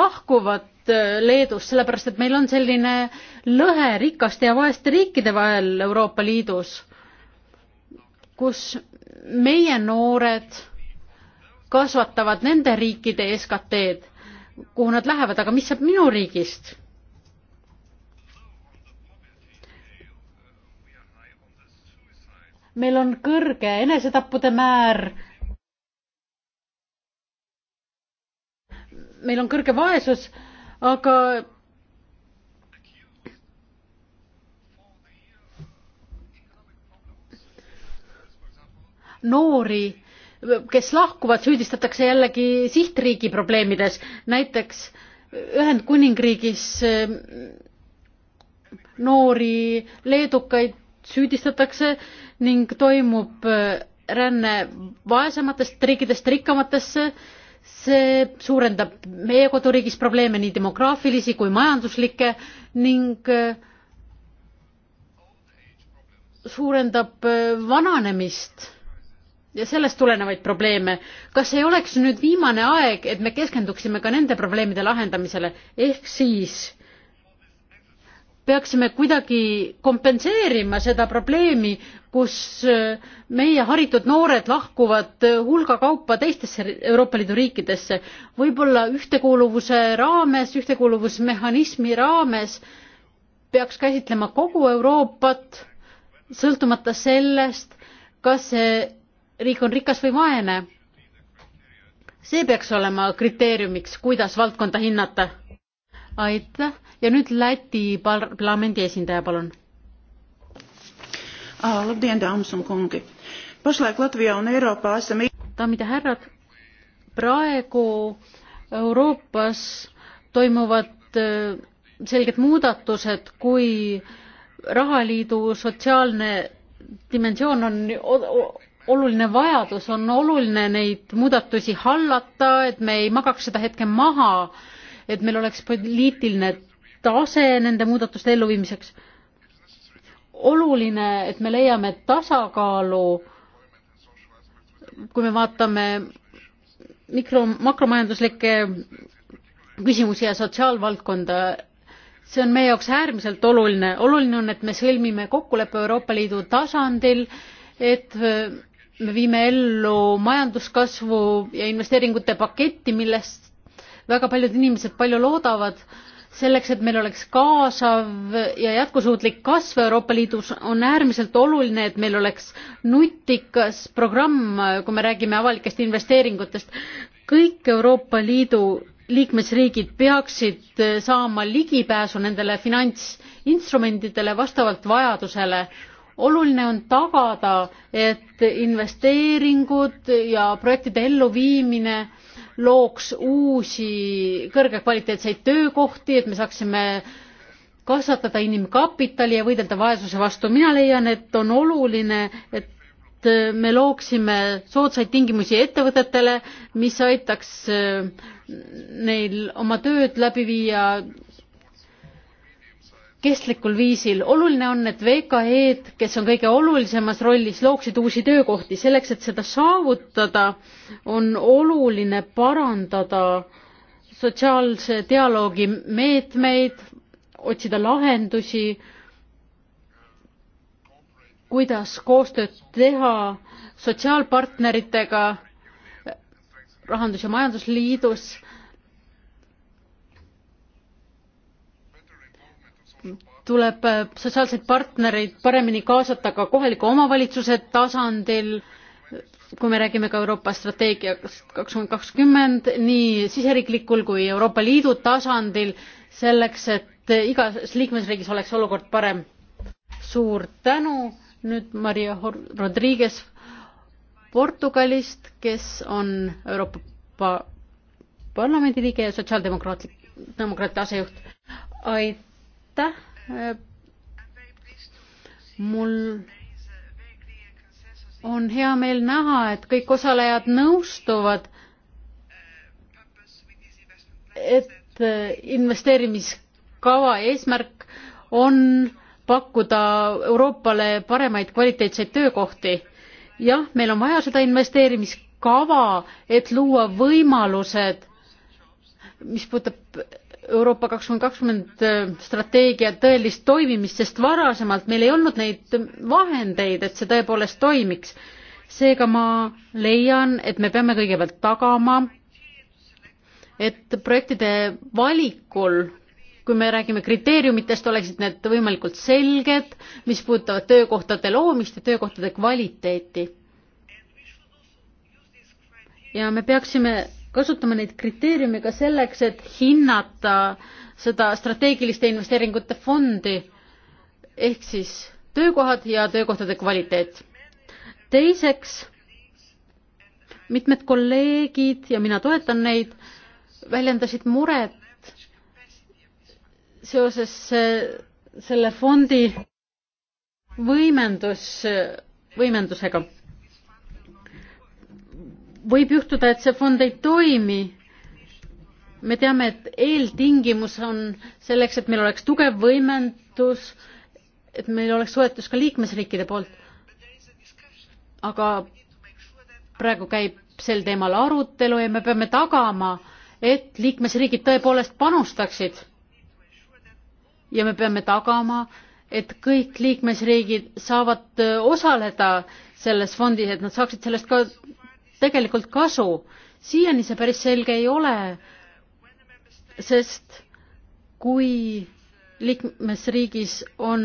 lahkuvad äh, Leedust, sellepärast et meil on selline lõhe rikaste ja vaeste riikide vahel Euroopa Liidus, kus meie noored kasvatavad nende riikide SKT-d kuhu nad lähevad, aga mis saab minu riigist? meil on kõrge enesetappude määr. meil on kõrge vaesus, aga noori kes lahkuvad, süüdistatakse jällegi sihtriigi probleemides, näiteks Ühendkuningriigis ehm, noori leedukaid süüdistatakse ning toimub eh, ränne vaesematest riikidest rikkamatesse, see suurendab meie koduriigis probleeme nii demograafilisi kui majanduslikke ning eh, suurendab eh, vananemist ja sellest tulenevaid probleeme. kas ei oleks nüüd viimane aeg, et me keskenduksime ka nende probleemide lahendamisele, ehk siis peaksime kuidagi kompenseerima seda probleemi, kus äh, meie haritud noored lahkuvad äh, hulga kaupa teistesse Euroopa Liidu riikidesse, võib-olla ühtekuuluvuse raames, ühtekuuluvusmehhanismi raames peaks käsitlema kogu Euroopat, sõltumata sellest, kas see riik on rikas või vaene. see peaks olema kriteeriumiks, kuidas valdkonda hinnata. aitäh ja nüüd Läti parlamendi esindaja, palun. daamid ja härrad, praegu Euroopas toimuvad äh, selged muudatused, kui rahaliidu sotsiaalne dimensioon on oluline vajadus, on oluline neid muudatusi hallata, et me ei magaks seda hetke maha, et meil oleks poliitiline tase nende muudatuste elluviimiseks. oluline, et me leiame tasakaalu, kui me vaatame mikro, makromajanduslikke küsimusi ja sotsiaalvaldkonda, see on meie jaoks äärmiselt oluline. oluline on, et me sõlmime kokkuleppe Euroopa Liidu tasandil, et me viime ellu majanduskasvu ja investeeringute paketti, millest väga paljud inimesed palju loodavad. selleks, et meil oleks kaasav ja jätkusuutlik kasv Euroopa Liidus, on äärmiselt oluline, et meil oleks nutikas programm, kui me räägime avalikest investeeringutest. kõik Euroopa Liidu liikmesriigid peaksid saama ligipääsu nendele finantsinstrumentidele vastavalt vajadusele oluline on tagada, et investeeringud ja projektide elluviimine looks uusi kõrgekvaliteetseid töökohti, et me saaksime kasvatada inimkapitali ja võidelda vaesuse vastu. mina leian, et on oluline, et me looksime soodsaid tingimusi ettevõtetele, mis aitaks neil oma tööd läbi viia kestlikul viisil. oluline on, et VKE-d, kes on kõige olulisemas rollis, looksid uusi töökohti. selleks, et seda saavutada, on oluline parandada sotsiaalse dialoogi meetmeid, otsida lahendusi, kuidas koostööd teha sotsiaalpartneritega Rahandus- ja Majandusliidus tuleb äh, sotsiaalseid partnereid paremini kaasata ka kohaliku omavalitsuse tasandil, kui me räägime ka Euroopa strateegiast kakskümmend kakskümmend, nii siseriiklikul kui Euroopa Liidu tasandil, selleks et igas liikmesriigis oleks olukord parem. suur tänu, nüüd Maria Rodriguez Portugalist, kes on Euroopa Parlamendi liige ja sotsiaaldemokraatlik, demokraatia asejuht. aitäh mul on hea meel näha, et kõik osalejad nõustuvad, et investeerimiskava eesmärk on pakkuda Euroopale paremaid kvaliteetseid töökohti. jah, meil on vaja seda investeerimiskava, et luua võimalused, mis puudutab Euroopa kakskümmend kakskümmend äh, strateegia tõelist toimimist, sest varasemalt meil ei olnud neid vahendeid, et see tõepoolest toimiks. seega ma leian, et me peame kõigepealt tagama, et projektide valikul, kui me räägime kriteeriumitest, oleksid need võimalikult selged, mis puudutavad töökohtade loomist ja töökohtade kvaliteeti. ja me peaksime kasutame neid kriteeriume ka selleks, et hinnata seda strateegiliste investeeringute fondi ehk siis töökohad ja töökohtade kvaliteet. teiseks, mitmed kolleegid ja mina toetan neid, väljendasid muret seoses eh, selle fondi võimendus, eh, võimendusega võib juhtuda, et see fond ei toimi. me teame, et eeltingimus on selleks, et meil oleks tugev võimendus, et meil oleks toetus ka liikmesriikide poolt. aga praegu käib sel teemal arutelu ja me peame tagama, et liikmesriigid tõepoolest panustaksid. ja me peame tagama, et kõik liikmesriigid saavad äh, osaleda selles fondis, et nad saaksid sellest ka tegelikult kasu. siiani see päris selge ei ole, sest kui liikmesriigis on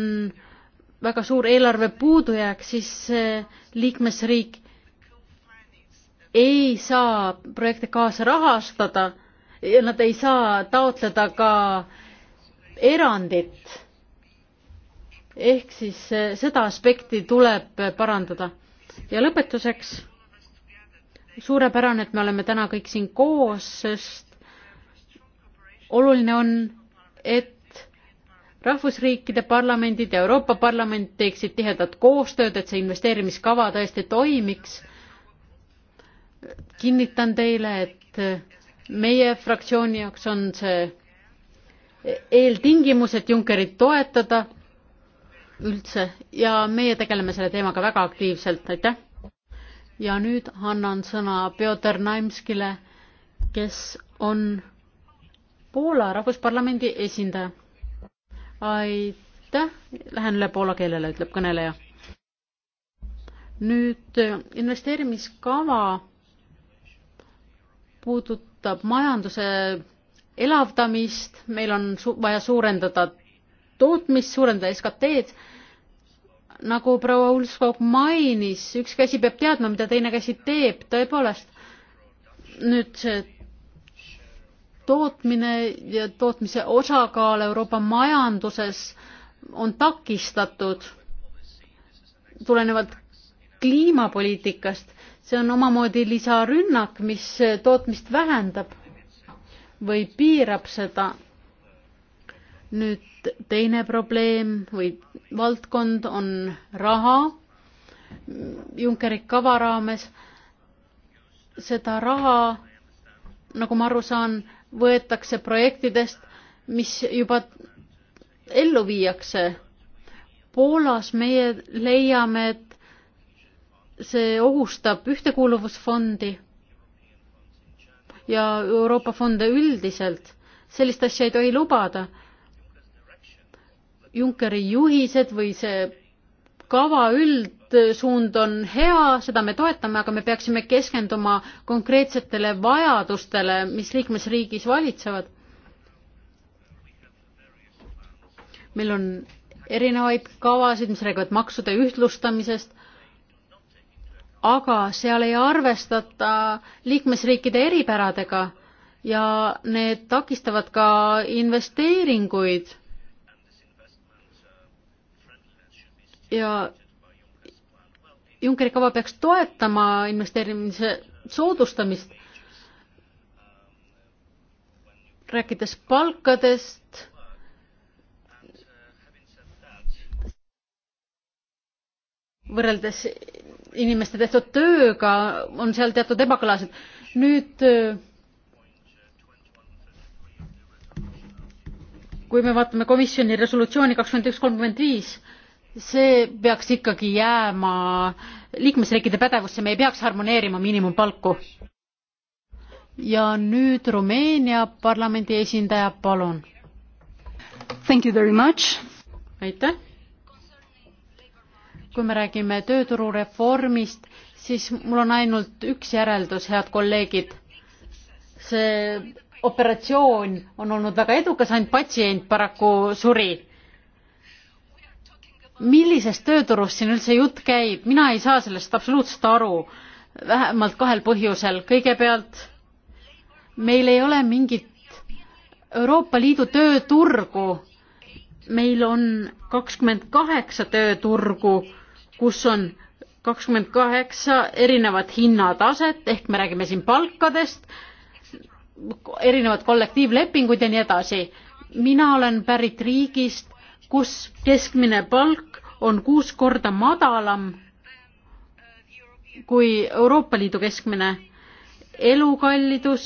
väga suur eelarve puudujääk, siis liikmesriik ei saa projekte kaasa rahastada ja nad ei saa taotleda ka erandit. ehk siis eh, seda aspekti tuleb parandada. ja lõpetuseks suurepärane, et me oleme täna kõik siin koos, sest oluline on, et rahvusriikide parlamendid ja Euroopa Parlament teeksid tihedat koostööd, et see investeerimiskava tõesti toimiks. kinnitan teile, et meie fraktsiooni jaoks on see eeltingimus, et Junckerit toetada üldse ja meie tegeleme selle teemaga väga aktiivselt, aitäh ja nüüd annan sõna Piotr Naimskile, kes on Poola Rahvusparlamendi esindaja. aitäh, lähen üle poola keelele, ütleb kõneleja. nüüd äh, investeerimiskava puudutab majanduse elavdamist, meil on su vaja suurendada tootmist, suurendada SKT-d nagu proua Ulskog mainis, üks käsi peab teadma, mida teine käsi teeb, tõepoolest. nüüd see tootmine ja tootmise osakaal Euroopa majanduses on takistatud tulenevalt kliimapoliitikast, see on omamoodi lisarünnak, mis tootmist vähendab või piirab seda. nüüd teine probleem või valdkond on raha Junckeri kava raames. seda raha, nagu ma aru saan, võetakse projektidest, mis juba ellu viiakse. Poolas meie leiame, et see ohustab ühtekuuluvusfondi ja Euroopa fonde üldiselt. sellist asja ei tohi lubada Junckeri juhised või see kava üldsuund on hea, seda me toetame, aga me peaksime keskenduma konkreetsetele vajadustele, mis liikmesriigis valitsevad. meil on erinevaid kavasid, mis räägivad maksude ühtlustamisest, aga seal ei arvestata liikmesriikide eripäradega ja need takistavad ka investeeringuid ja Junckeri kava peaks toetama investeerimise soodustamist. rääkides palkadest, võrreldes inimeste tehtud tööga on seal teatud ebakõlasid. nüüd kui me vaatame komisjoni resolutsiooni kakskümmend üks kolmkümmend viis, see peaks ikkagi jääma liikmesriikide pädevusse, me ei peaks harmoneerima miinimumpalku. ja nüüd Rumeenia parlamendi esindaja, palun. Thank you very much. aitäh. kui me räägime tööturureformist, siis mul on ainult üks järeldus, head kolleegid. see operatsioon on olnud väga edukas, ainult patsient paraku suri millisest tööturust siin üldse jutt käib, mina ei saa sellest absoluutselt aru, vähemalt kahel põhjusel. kõigepealt meil ei ole mingit Euroopa Liidu tööturgu, meil on kakskümmend kaheksa tööturgu, kus on kakskümmend kaheksa erinevat hinnataset ehk me räägime siin palkadest, erinevad kollektiivlepingud ja nii edasi. mina olen pärit riigist, kus keskmine palk on kuus korda madalam kui Euroopa Liidu keskmine elukallidus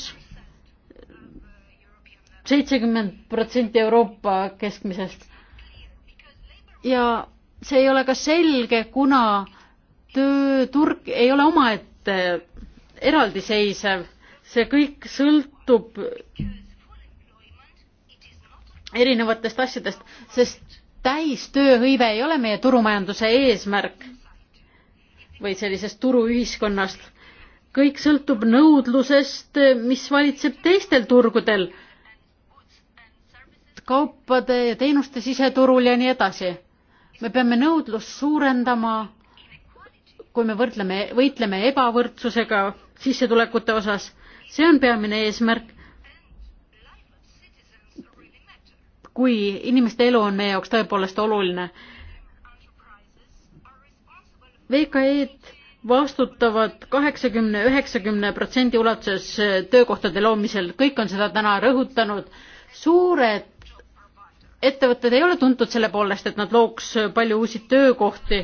seitsekümmend protsenti Euroopa keskmisest. ja see ei ole ka selge, kuna tööturg ei ole omaette eraldiseisev, see kõik sõltub erinevatest asjadest, sest täistööhõive ei ole meie turumajanduse eesmärk või sellisest turuühiskonnast. kõik sõltub nõudlusest, mis valitseb teistel turgudel, kaupade ja teenuste siseturul ja nii edasi. me peame nõudlust suurendama, kui me võrdleme, võitleme ebavõrdsusega sissetulekute osas, see on peamine eesmärk kui inimeste elu on meie jaoks tõepoolest oluline. VKE-d vastutavad kaheksakümne, üheksakümne protsendi ulatuses töökohtade loomisel, kõik on seda täna rõhutanud. suured ettevõtted ei ole tuntud selle poolest, et nad looks palju uusi töökohti.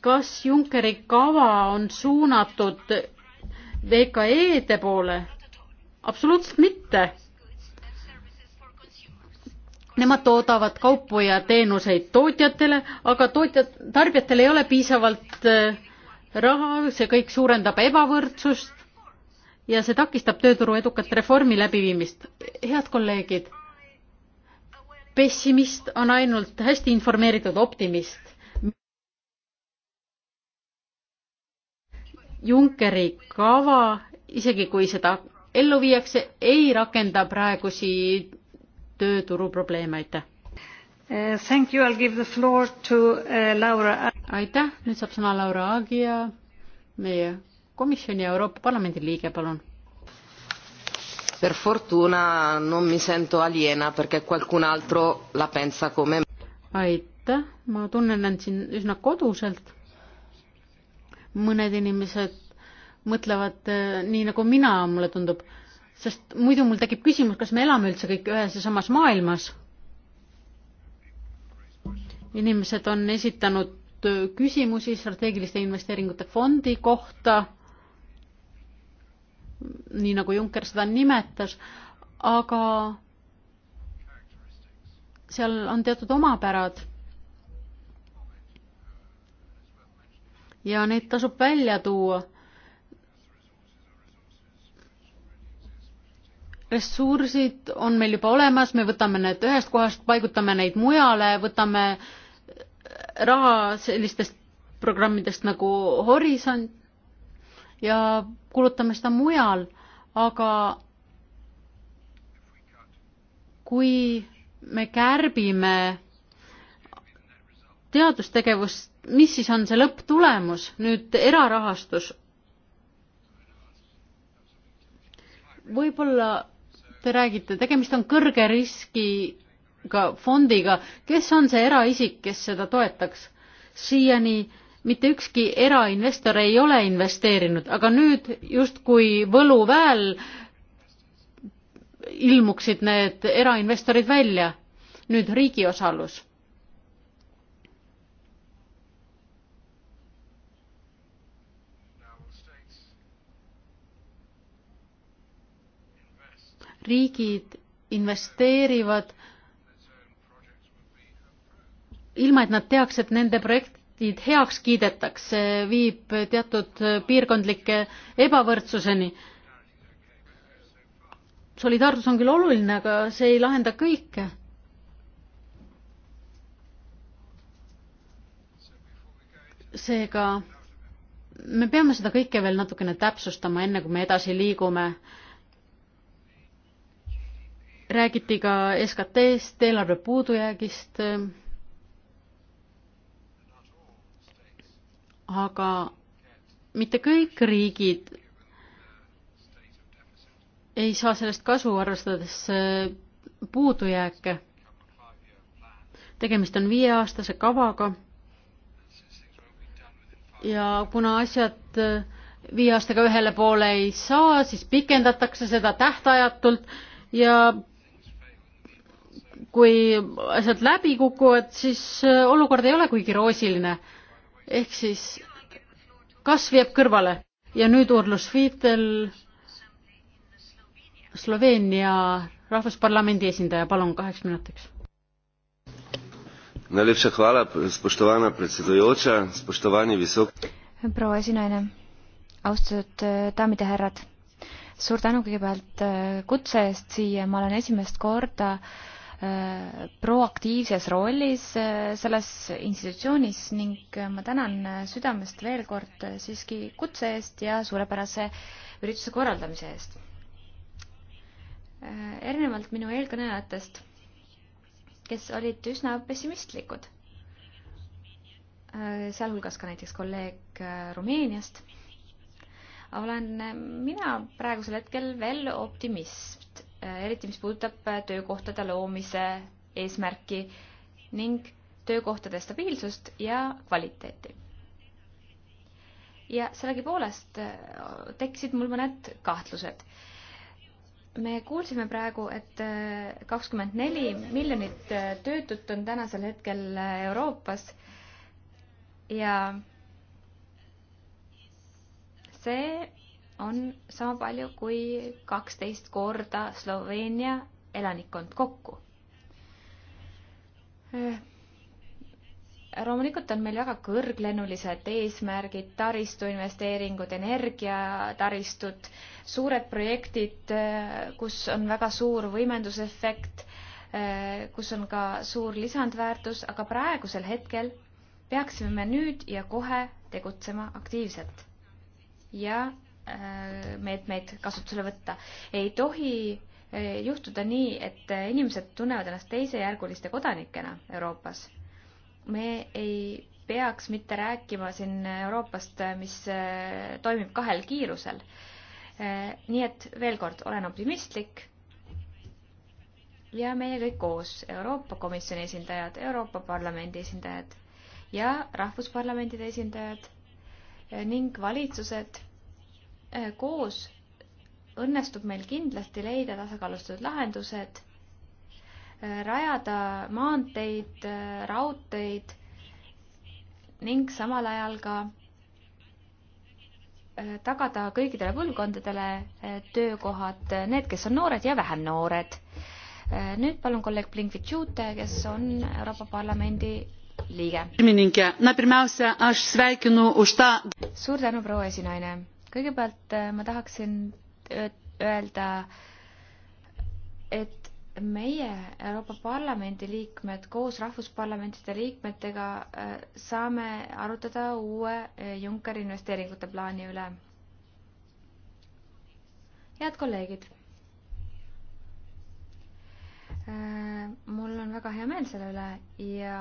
kas Junckeri kava on suunatud VKE-de poole? absoluutselt mitte Nemad toodavad kaupu ja teenuseid tootjatele, aga tootjad, tarbijatel ei ole piisavalt eh, raha, see kõik suurendab ebavõrdsust ja see takistab tööturu edukat reformi läbiviimist. head kolleegid, pessimist on ainult hästi informeeritud optimist. Junckeri kava, isegi kui seda ellu viiakse, ei rakenda praegusi tööturuprobleeme, aitäh! Eh, thank you, I will give the floor to eh, Laura. aitäh, nüüd saab sõna Laura Aagia, meie komisjoni ja Euroopa Parlamendi liige, palun. Per fortuna non mi sento aliena perché qualcun altro la pensa come me. aitäh, ma tunnen end siin üsna koduselt. mõned inimesed mõtlevad eh, nii nagu mina, mulle tundub sest muidu mul tekib küsimus, kas me elame üldse kõik ühes ja samas maailmas. inimesed on esitanud küsimusi strateegiliste investeeringute fondi kohta, nii nagu Juncker seda nimetas, aga seal on teatud omapärad. ja need tasub välja tuua ressursid on meil juba olemas, me võtame need ühest kohast, paigutame neid mujale, võtame raha sellistest programmidest nagu Horisont ja kulutame seda mujal, aga kui me kärbime teadustegevust, mis siis on see lõpptulemus, nüüd erarahastus? võib-olla te räägite, tegemist on kõrge riskiga fondiga, kes on see eraisik, kes seda toetaks? siiani mitte ükski erainvestor ei ole investeerinud, aga nüüd justkui võluväel ilmuksid need erainvestorid välja. nüüd riigi osalus riigid investeerivad ilma, et nad teaks, et nende projektid heaks kiidetakse, viib teatud piirkondlike ebavõrdsuseni. solidaarsus on küll oluline, aga see ei lahenda kõike seega me peame seda kõike veel natukene täpsustama, enne kui me edasi liigume räägiti ka SKT-st, eelarve puudujäägist. aga mitte kõik riigid ei saa sellest kasu, arvestades äh, puudujääke. tegemist on viieaastase kavaga. ja kuna asjad äh, viie aastaga ühele poole ei saa, siis pikendatakse seda tähtajatult ja kui asjad läbi kukuvad, siis äh, olukord ei ole kuigi roosiline. ehk siis kasv jääb kõrvale ja nüüd Urlus Viitel, Sloveenia rahvusparlamendi esindaja, palun kaheks minutiks. Najlepša hvala, spoštovana predsedujoča, spoštovani visok-. proua esinaine, austatud äh, daamid ja härrad, suur tänu kõigepealt äh, kutse eest siia, ma olen esimest korda äh, Äh, proaktiivses rollis äh, selles institutsioonis ning äh, ma tänan südamest veel kord siiski kutse eest ja suurepärase ürituse korraldamise eest. erinevalt minu eelkõnelejatest, kes olid üsna pessimistlikud, sealhulgas ka näiteks kolleeg Rumeeniast, olen mina praegusel hetkel veel optimist eriti mis puudutab äh, töökohtade loomise eesmärki ning töökohtade stabiilsust ja kvaliteeti. ja sellegipoolest äh, tekkisid mul mõned kahtlused me kuulsime praegu, et äh, kakskümmend neli miljonit töötut on tänasel hetkel Euroopas ja see on sama palju kui kaksteist korda Sloveenia elanikkond kokku. Äh, loomulikult on meil väga kõrglennulised eesmärgid, taristuinvesteeringud, energiataristud, suured projektid, äh, kus on väga suur võimendusefekt, äh, kus on ka suur lisandväärtus, aga praegusel hetkel peaksime me nüüd ja kohe tegutsema aktiivselt ja meetmeid kasutusele võtta. ei tohi eh, juhtuda nii, et eh, inimesed tunnevad ennast teisejärguliste kodanikena Euroopas. me ei peaks mitte rääkima siin Euroopast, eh, mis toimib kahel kiirusel. nii et veel kord, olen optimistlik ja meie kõik koos, Euroopa Komisjoni esindajad, Euroopa Parlamendi esindajad ja rahvusparlamentide esindajad ning valitsused Äh, koos õnnestub meil kindlasti leida tasakaalustatud lahendused, äh, rajada maanteid, äh, raudteid ning samal ajal ka tagada kõikidele põlvkondadele töökohad, need, kes on noored ja vähem noored. nüüd palun kolleeg Blinkvitšute, kes on Euroopa Parlamendi liige. suur tänu, proua esinaine kõigepealt äh, ma tahaksin äh, öelda, et meie, Euroopa Parlamendi liikmed, koos rahvusparlamentide liikmetega äh, saame arutada uue Junckeri investeeringute plaani üle. head kolleegid. mul on väga hea meel selle üle ja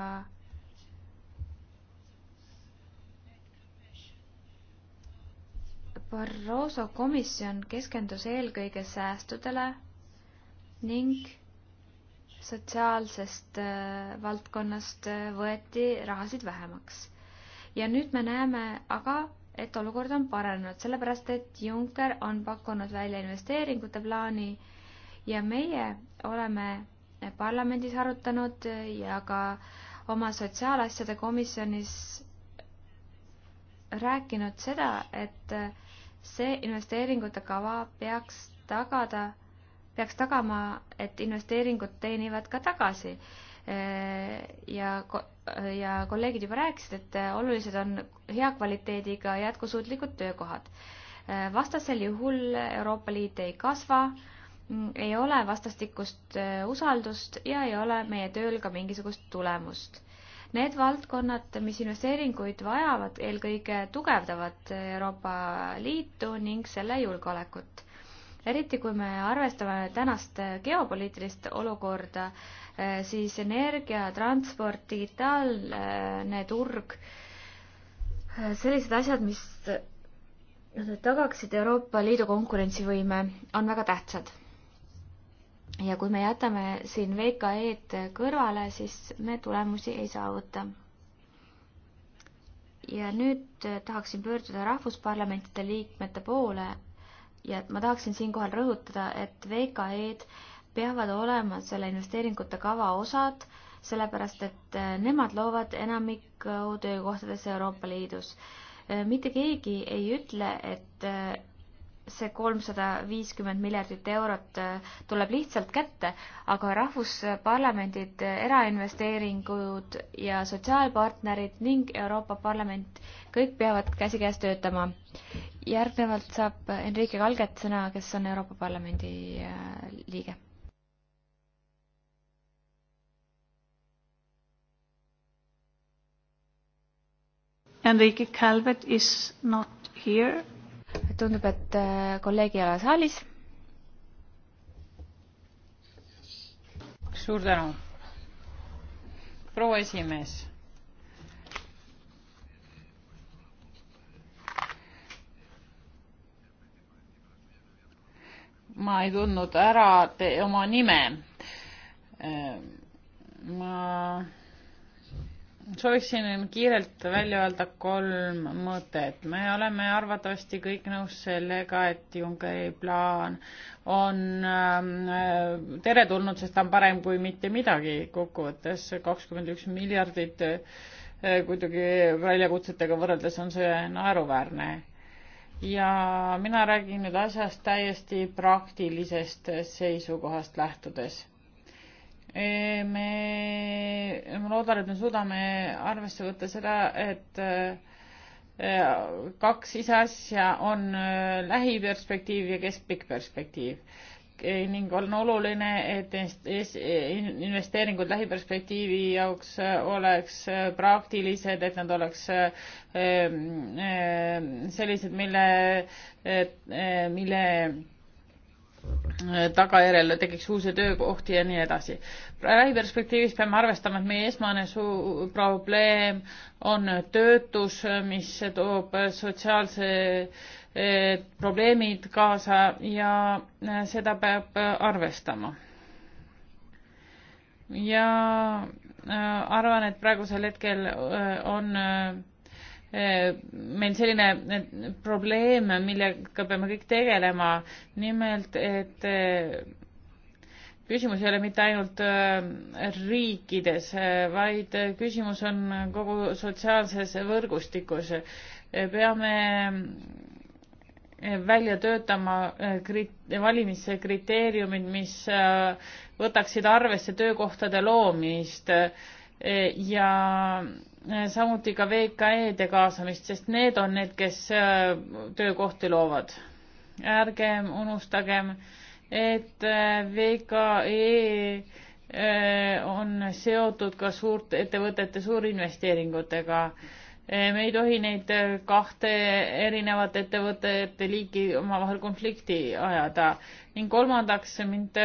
Barroso komisjon keskendus eelkõige säästudele ning sotsiaalsest äh, valdkonnast äh, võeti rahasid vähemaks. ja nüüd me näeme aga, et olukord on paranenud, sellepärast et Juncker on pakkunud välja investeeringute plaani ja meie oleme parlamendis arutanud ja ka oma sotsiaalasjade komisjonis rääkinud seda, et see investeeringute kava peaks tagada, peaks tagama, et investeeringud teenivad ka tagasi. Äh, ja, ja kolleegid juba rääkisid, et äh, olulised on hea kvaliteediga jätkusuutlikud töökohad. Äh, vastasel juhul Euroopa Liit ei kasva, mm, ei ole vastastikust usaldust ja ei ole meie tööl ka mingisugust tulemust Need valdkonnad, mis investeeringuid vajavad, eelkõige tugevdavad Euroopa Liitu ning selle julgeolekut. eriti, kui me arvestame tänast geopoliitilist olukorda, eh, siis energia, transport, digitaalne eh, turg, eh, sellised asjad, mis tagaksid Euroopa Liidu konkurentsivõime, on väga tähtsad ja kui me jätame siin VKE-d kõrvale, siis me tulemusi ei saavuta. ja nüüd äh, tahaksin pöörduda rahvusparlamentide liikmete poole ja ma tahaksin siinkohal rõhutada, et VKE-d peavad olema selle investeeringute kava osad, sellepärast et äh, nemad loovad enamikku äh, töökohtadesse Euroopa Liidus. mitte keegi ei ütle, et see kolmsada viiskümmend miljardit eurot äh, tuleb lihtsalt kätte, aga rahvusparlamendid, erainvesteeringud ja sotsiaalpartnerid ning Euroopa Parlament, kõik peavad käsikäes töötama. järgnevalt saab Enrique Kalget sõna, kes on Euroopa Parlamendi äh, liige Enrique Calvet is not here tundub, et äh, kolleeg ei ole saalis. suur tänu, proua esimees. ma ei tundnud ära te, oma nime. Äh, ma sooviksin kiirelt välja öelda kolm mõtet. me oleme arvatavasti kõik nõus sellega, et Junckeri plaan on ähm, äh, teretulnud, sest ta on parem kui mitte midagi. kokkuvõttes kakskümmend üks miljardit äh, kuidagi väljakutsetega võrreldes on see naeruväärne. ja mina räägin nüüd asjast täiesti praktilisest seisukohast lähtudes me, ma loodan, et me suudame arvesse võtta seda, et äh, kaks ise asja on äh, lähiperspektiiv ja keskpikk perspektiiv ning on oluline, et investeeringud lähiperspektiivi jaoks äh, oleks praktilised, et nad oleks ähm, sellised, mille, mille tagajärjel tekiks uusi töökohti ja nii edasi. lähiperspektiivis peame arvestama, et meie esmane suu-, probleem on töötus, mis toob sotsiaalse e, probleemid kaasa ja e, seda peab arvestama. ja e, arvan, et praegusel hetkel on meil selline probleem, millega peame kõik tegelema, nimelt et äh, küsimus ei ole mitte ainult äh, riikides, äh, vaid küsimus on kogu sotsiaalses võrgustikus. peame välja töötama krit-, valimiskriteeriumid, mis võtaksid arvesse töökohtade loomist ja Äh, samuti ka VKE-de kaasamist, sest need on need, kes äh, töökohti loovad. ärgem unustagem, et äh, VKE on seotud ka suurte ettevõtete suurinvesteeringutega. me ei tohi neid kahte erinevat ettevõtete liiki omavahel konflikti ajada ning kolmandaks mind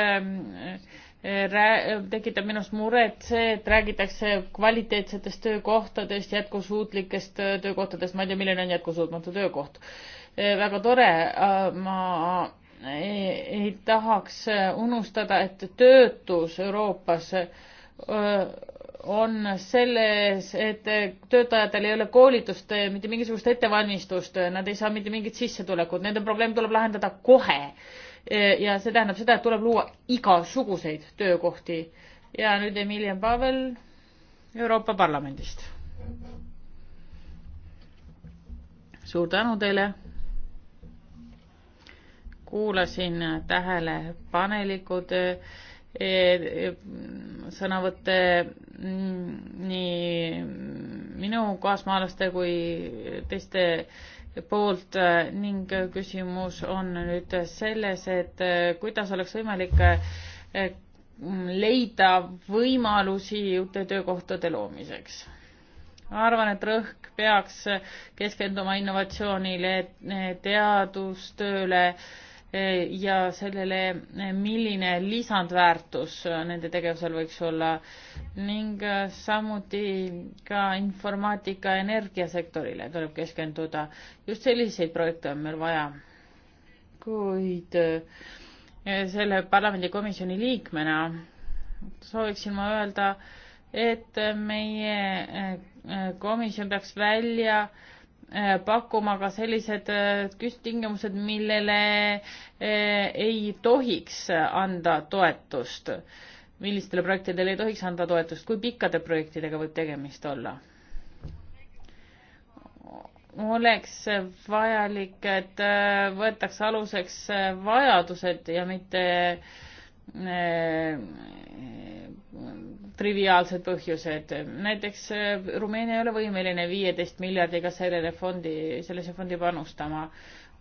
tekitab minus muret see, et räägitakse kvaliteetsetest töökohtadest, jätkusuutlikest äh, töökohtadest, ma ei tea, milline on jätkusuutmatu töökoht. Äh, väga tore, äh, ma ei, ei tahaks unustada, et töötus Euroopas on selles, et töötajatel ei ole koolitust, mitte mingisugust ettevalmistust, nad ei saa mitte mingit sissetulekut, nende probleem tuleb lahendada kohe Eh, ja see tähendab seda, et tuleb luua igasuguseid töökohti. ja nüüd Emilian Pavel Euroopa Parlamendist. suur tänu teile. kuulasin tähelepanelikud eh, eh, sõnavõtte nii minu kaasmaalaste kui teiste poolt äh, ning küsimus on nüüd selles, et äh, kuidas oleks võimalik äh, leida võimalusi uute töökohtade loomiseks. arvan, et rõhk peaks keskenduma innovatsioonile, teadustööle ja sellele, milline lisandväärtus nende tegevusel võiks olla ning samuti ka informaatika energiasektorile tuleb keskenduda. just selliseid projekte on meil vaja. kuid eh, selle parlamendikomisjoni liikmena sooviksin ma öelda, et meie eh, komisjon peaks välja äh, Äh, pakkuma ka sellised äh, tingimused, millele äh, ei tohiks anda toetust, millistele projektidele ei tohiks anda toetust, kui pikkade projektidega võib tegemist olla? oleks vajalik, et võetakse aluseks vajadused ja mitte triviaalsed põhjused. näiteks äh, Rumeenia ei ole võimeline viieteist miljardiga sellele fondi, sellesse fondi panustama.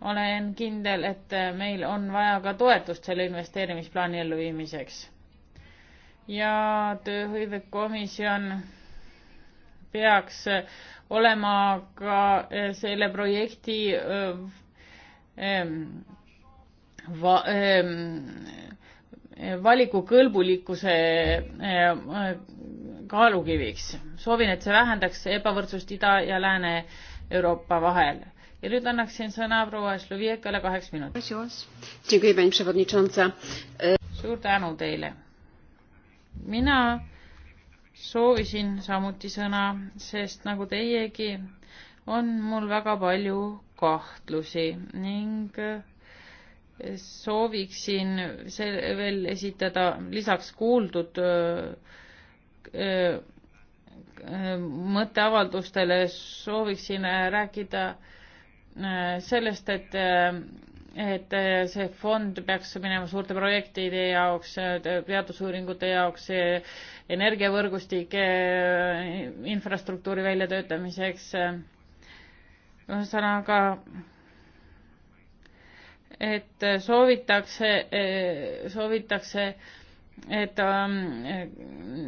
olen kindel, et äh, meil on vaja ka toetust selle investeerimisplaani elluviimiseks. ja tööhõivekomisjon peaks äh, olema ka selle projekti öö, öö, va, öö, valikukõlbulikkuse eh, kaalukiviks. soovin, et see vähendaks ebavõrdsust Ida- ja Lääne-Euroopa vahel. ja nüüd annaksin sõna proua Slovjekkale kaheks minutiks. suur tänu teile. mina soovisin samuti sõna, sest nagu teiegi, on mul väga palju kahtlusi ning sooviksin see veel esitada lisaks kuuldud mõtteavaldustele sooviksin äh, rääkida äh, sellest, et äh, et see fond peaks minema suurte projektide jaoks, teadusuuringute jaoks, energiavõrgustike infrastruktuuri väljatöötamiseks. ühesõnaga et soovitakse, eh, soovitakse, et ähm, eh,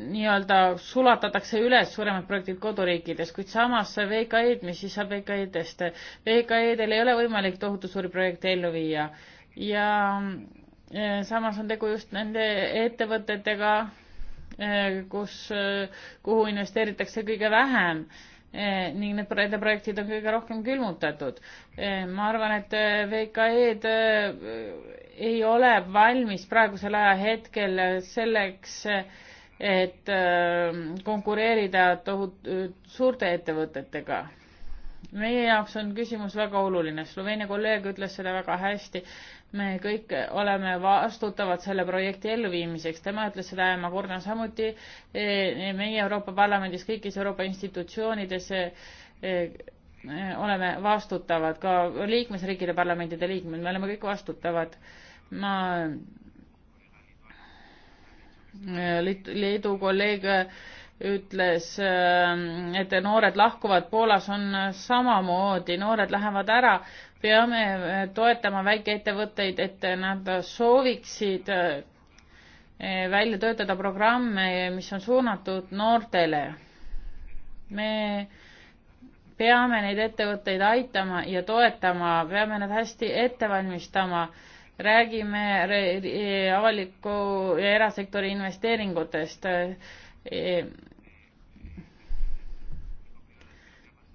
nii-öelda sulatatakse üles suuremad projektid koduriikides, kuid samas VKE-d, mis siis saab VKE-dest, VKE-del ei ole võimalik tohutu suuri projekte ellu viia ja eh, samas on tegu just nende ettevõtetega, kus, kuhu investeeritakse kõige vähem Eh, ning need nende projektid on kõige rohkem külmutatud. Eh, ma arvan, et eh, VKE-d ei ole valmis praegusel ajahetkel selleks, et konkureerida tohut-, suurte ettevõtetega. meie jaoks on küsimus väga oluline, Sloveenia kolleeg ütles seda väga hästi, me kõik oleme vastutavad selle projekti elluviimiseks. tema ütles seda ja ma kordan samuti, eh, meie Euroopa Parlamendis, kõigis Euroopa institutsioonides eh, eh, oleme vastutavad, ka liikmesriikide parlamendide liikmed, me oleme kõik vastutavad. ma Leedu kolleeg ütles, et noored lahkuvad, Poolas on samamoodi, noored lähevad ära, peame äh, toetama väikeettevõtteid, et nad sooviksid äh, välja töötada programme, mis on suunatud noortele. me peame neid ettevõtteid aitama ja toetama, peame nad hästi ette valmistama, räägime avaliku ja erasektori investeeringutest äh,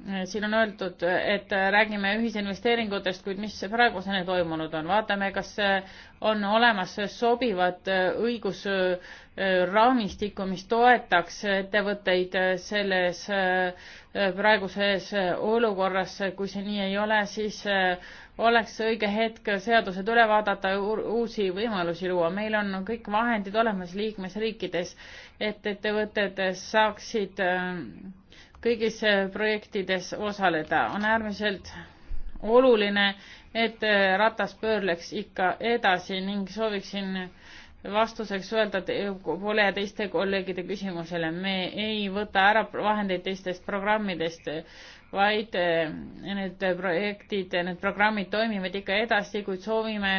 Äh, siin on öeldud, et äh, räägime ühisinvesteeringutest, kuid mis praeguseni toimunud on, vaatame, kas äh, on olemas sobivad õigusraamistikku, mis toetaks ettevõtteid selles praeguses olukorras, kui see nii ei ole, siis oleks õige hetk seadused üle vaadata, uusi võimalusi luua. meil on kõik vahendid olemas liikmesriikides, et ettevõtted saaksid äh, kõigis eh, projektides osaleda. on äärmiselt oluline, et eh, ratas pöörleks ikka edasi ning sooviksin vastuseks öelda Pole ja teiste kolleegide küsimusele, me ei võta ära vahendeid teistest programmidest, vaid eh, need projektid, need programmid toimivad ikka edasi, kuid soovime,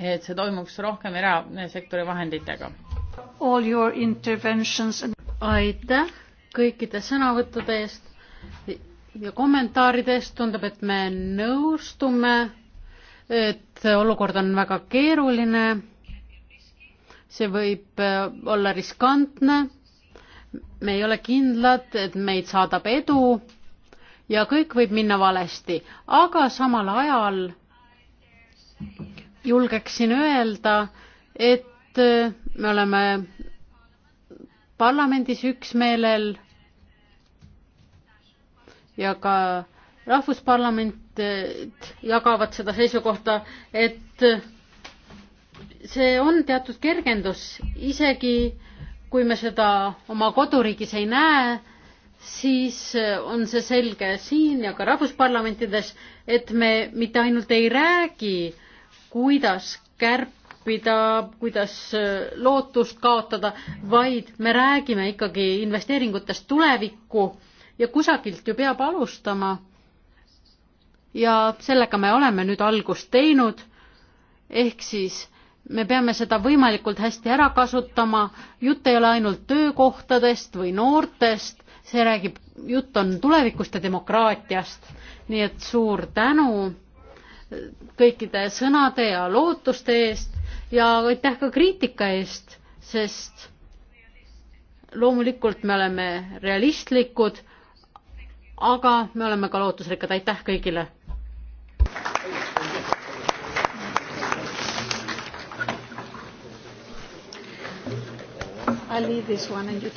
et see toimuks rohkem erasektori vahenditega. aitäh kõikide sõnavõttude eest ja kommentaaride eest. tundub, et me nõustume, et olukord on väga keeruline. see võib äh, olla riskantne. me ei ole kindlad, et meid saadab edu ja kõik võib minna valesti, aga samal ajal julgeksin öelda, et äh, me oleme parlamendis üksmeelel ja ka rahvusparlament jagavad seda seisukohta, et see on teatud kergendus, isegi kui me seda oma koduriigis ei näe, siis on see selge siin ja ka rahvusparlamentides, et me mitte ainult ei räägi, kuidas kärp-, kärpida, kuidas äh, lootust kaotada, vaid me räägime ikkagi investeeringutest tulevikku ja kusagilt ju peab alustama. ja sellega me oleme nüüd algust teinud, ehk siis me peame seda võimalikult hästi ära kasutama, jutt ei ole ainult töökohtadest või noortest, see räägib, jutt on tulevikust ja demokraatiast. nii et suur tänu kõikide sõnade ja lootuste eest ja aitäh ka kriitika eest, sest loomulikult me oleme realistlikud, aga me oleme ka lootusrikkad, aitäh kõigile! I leave this one and you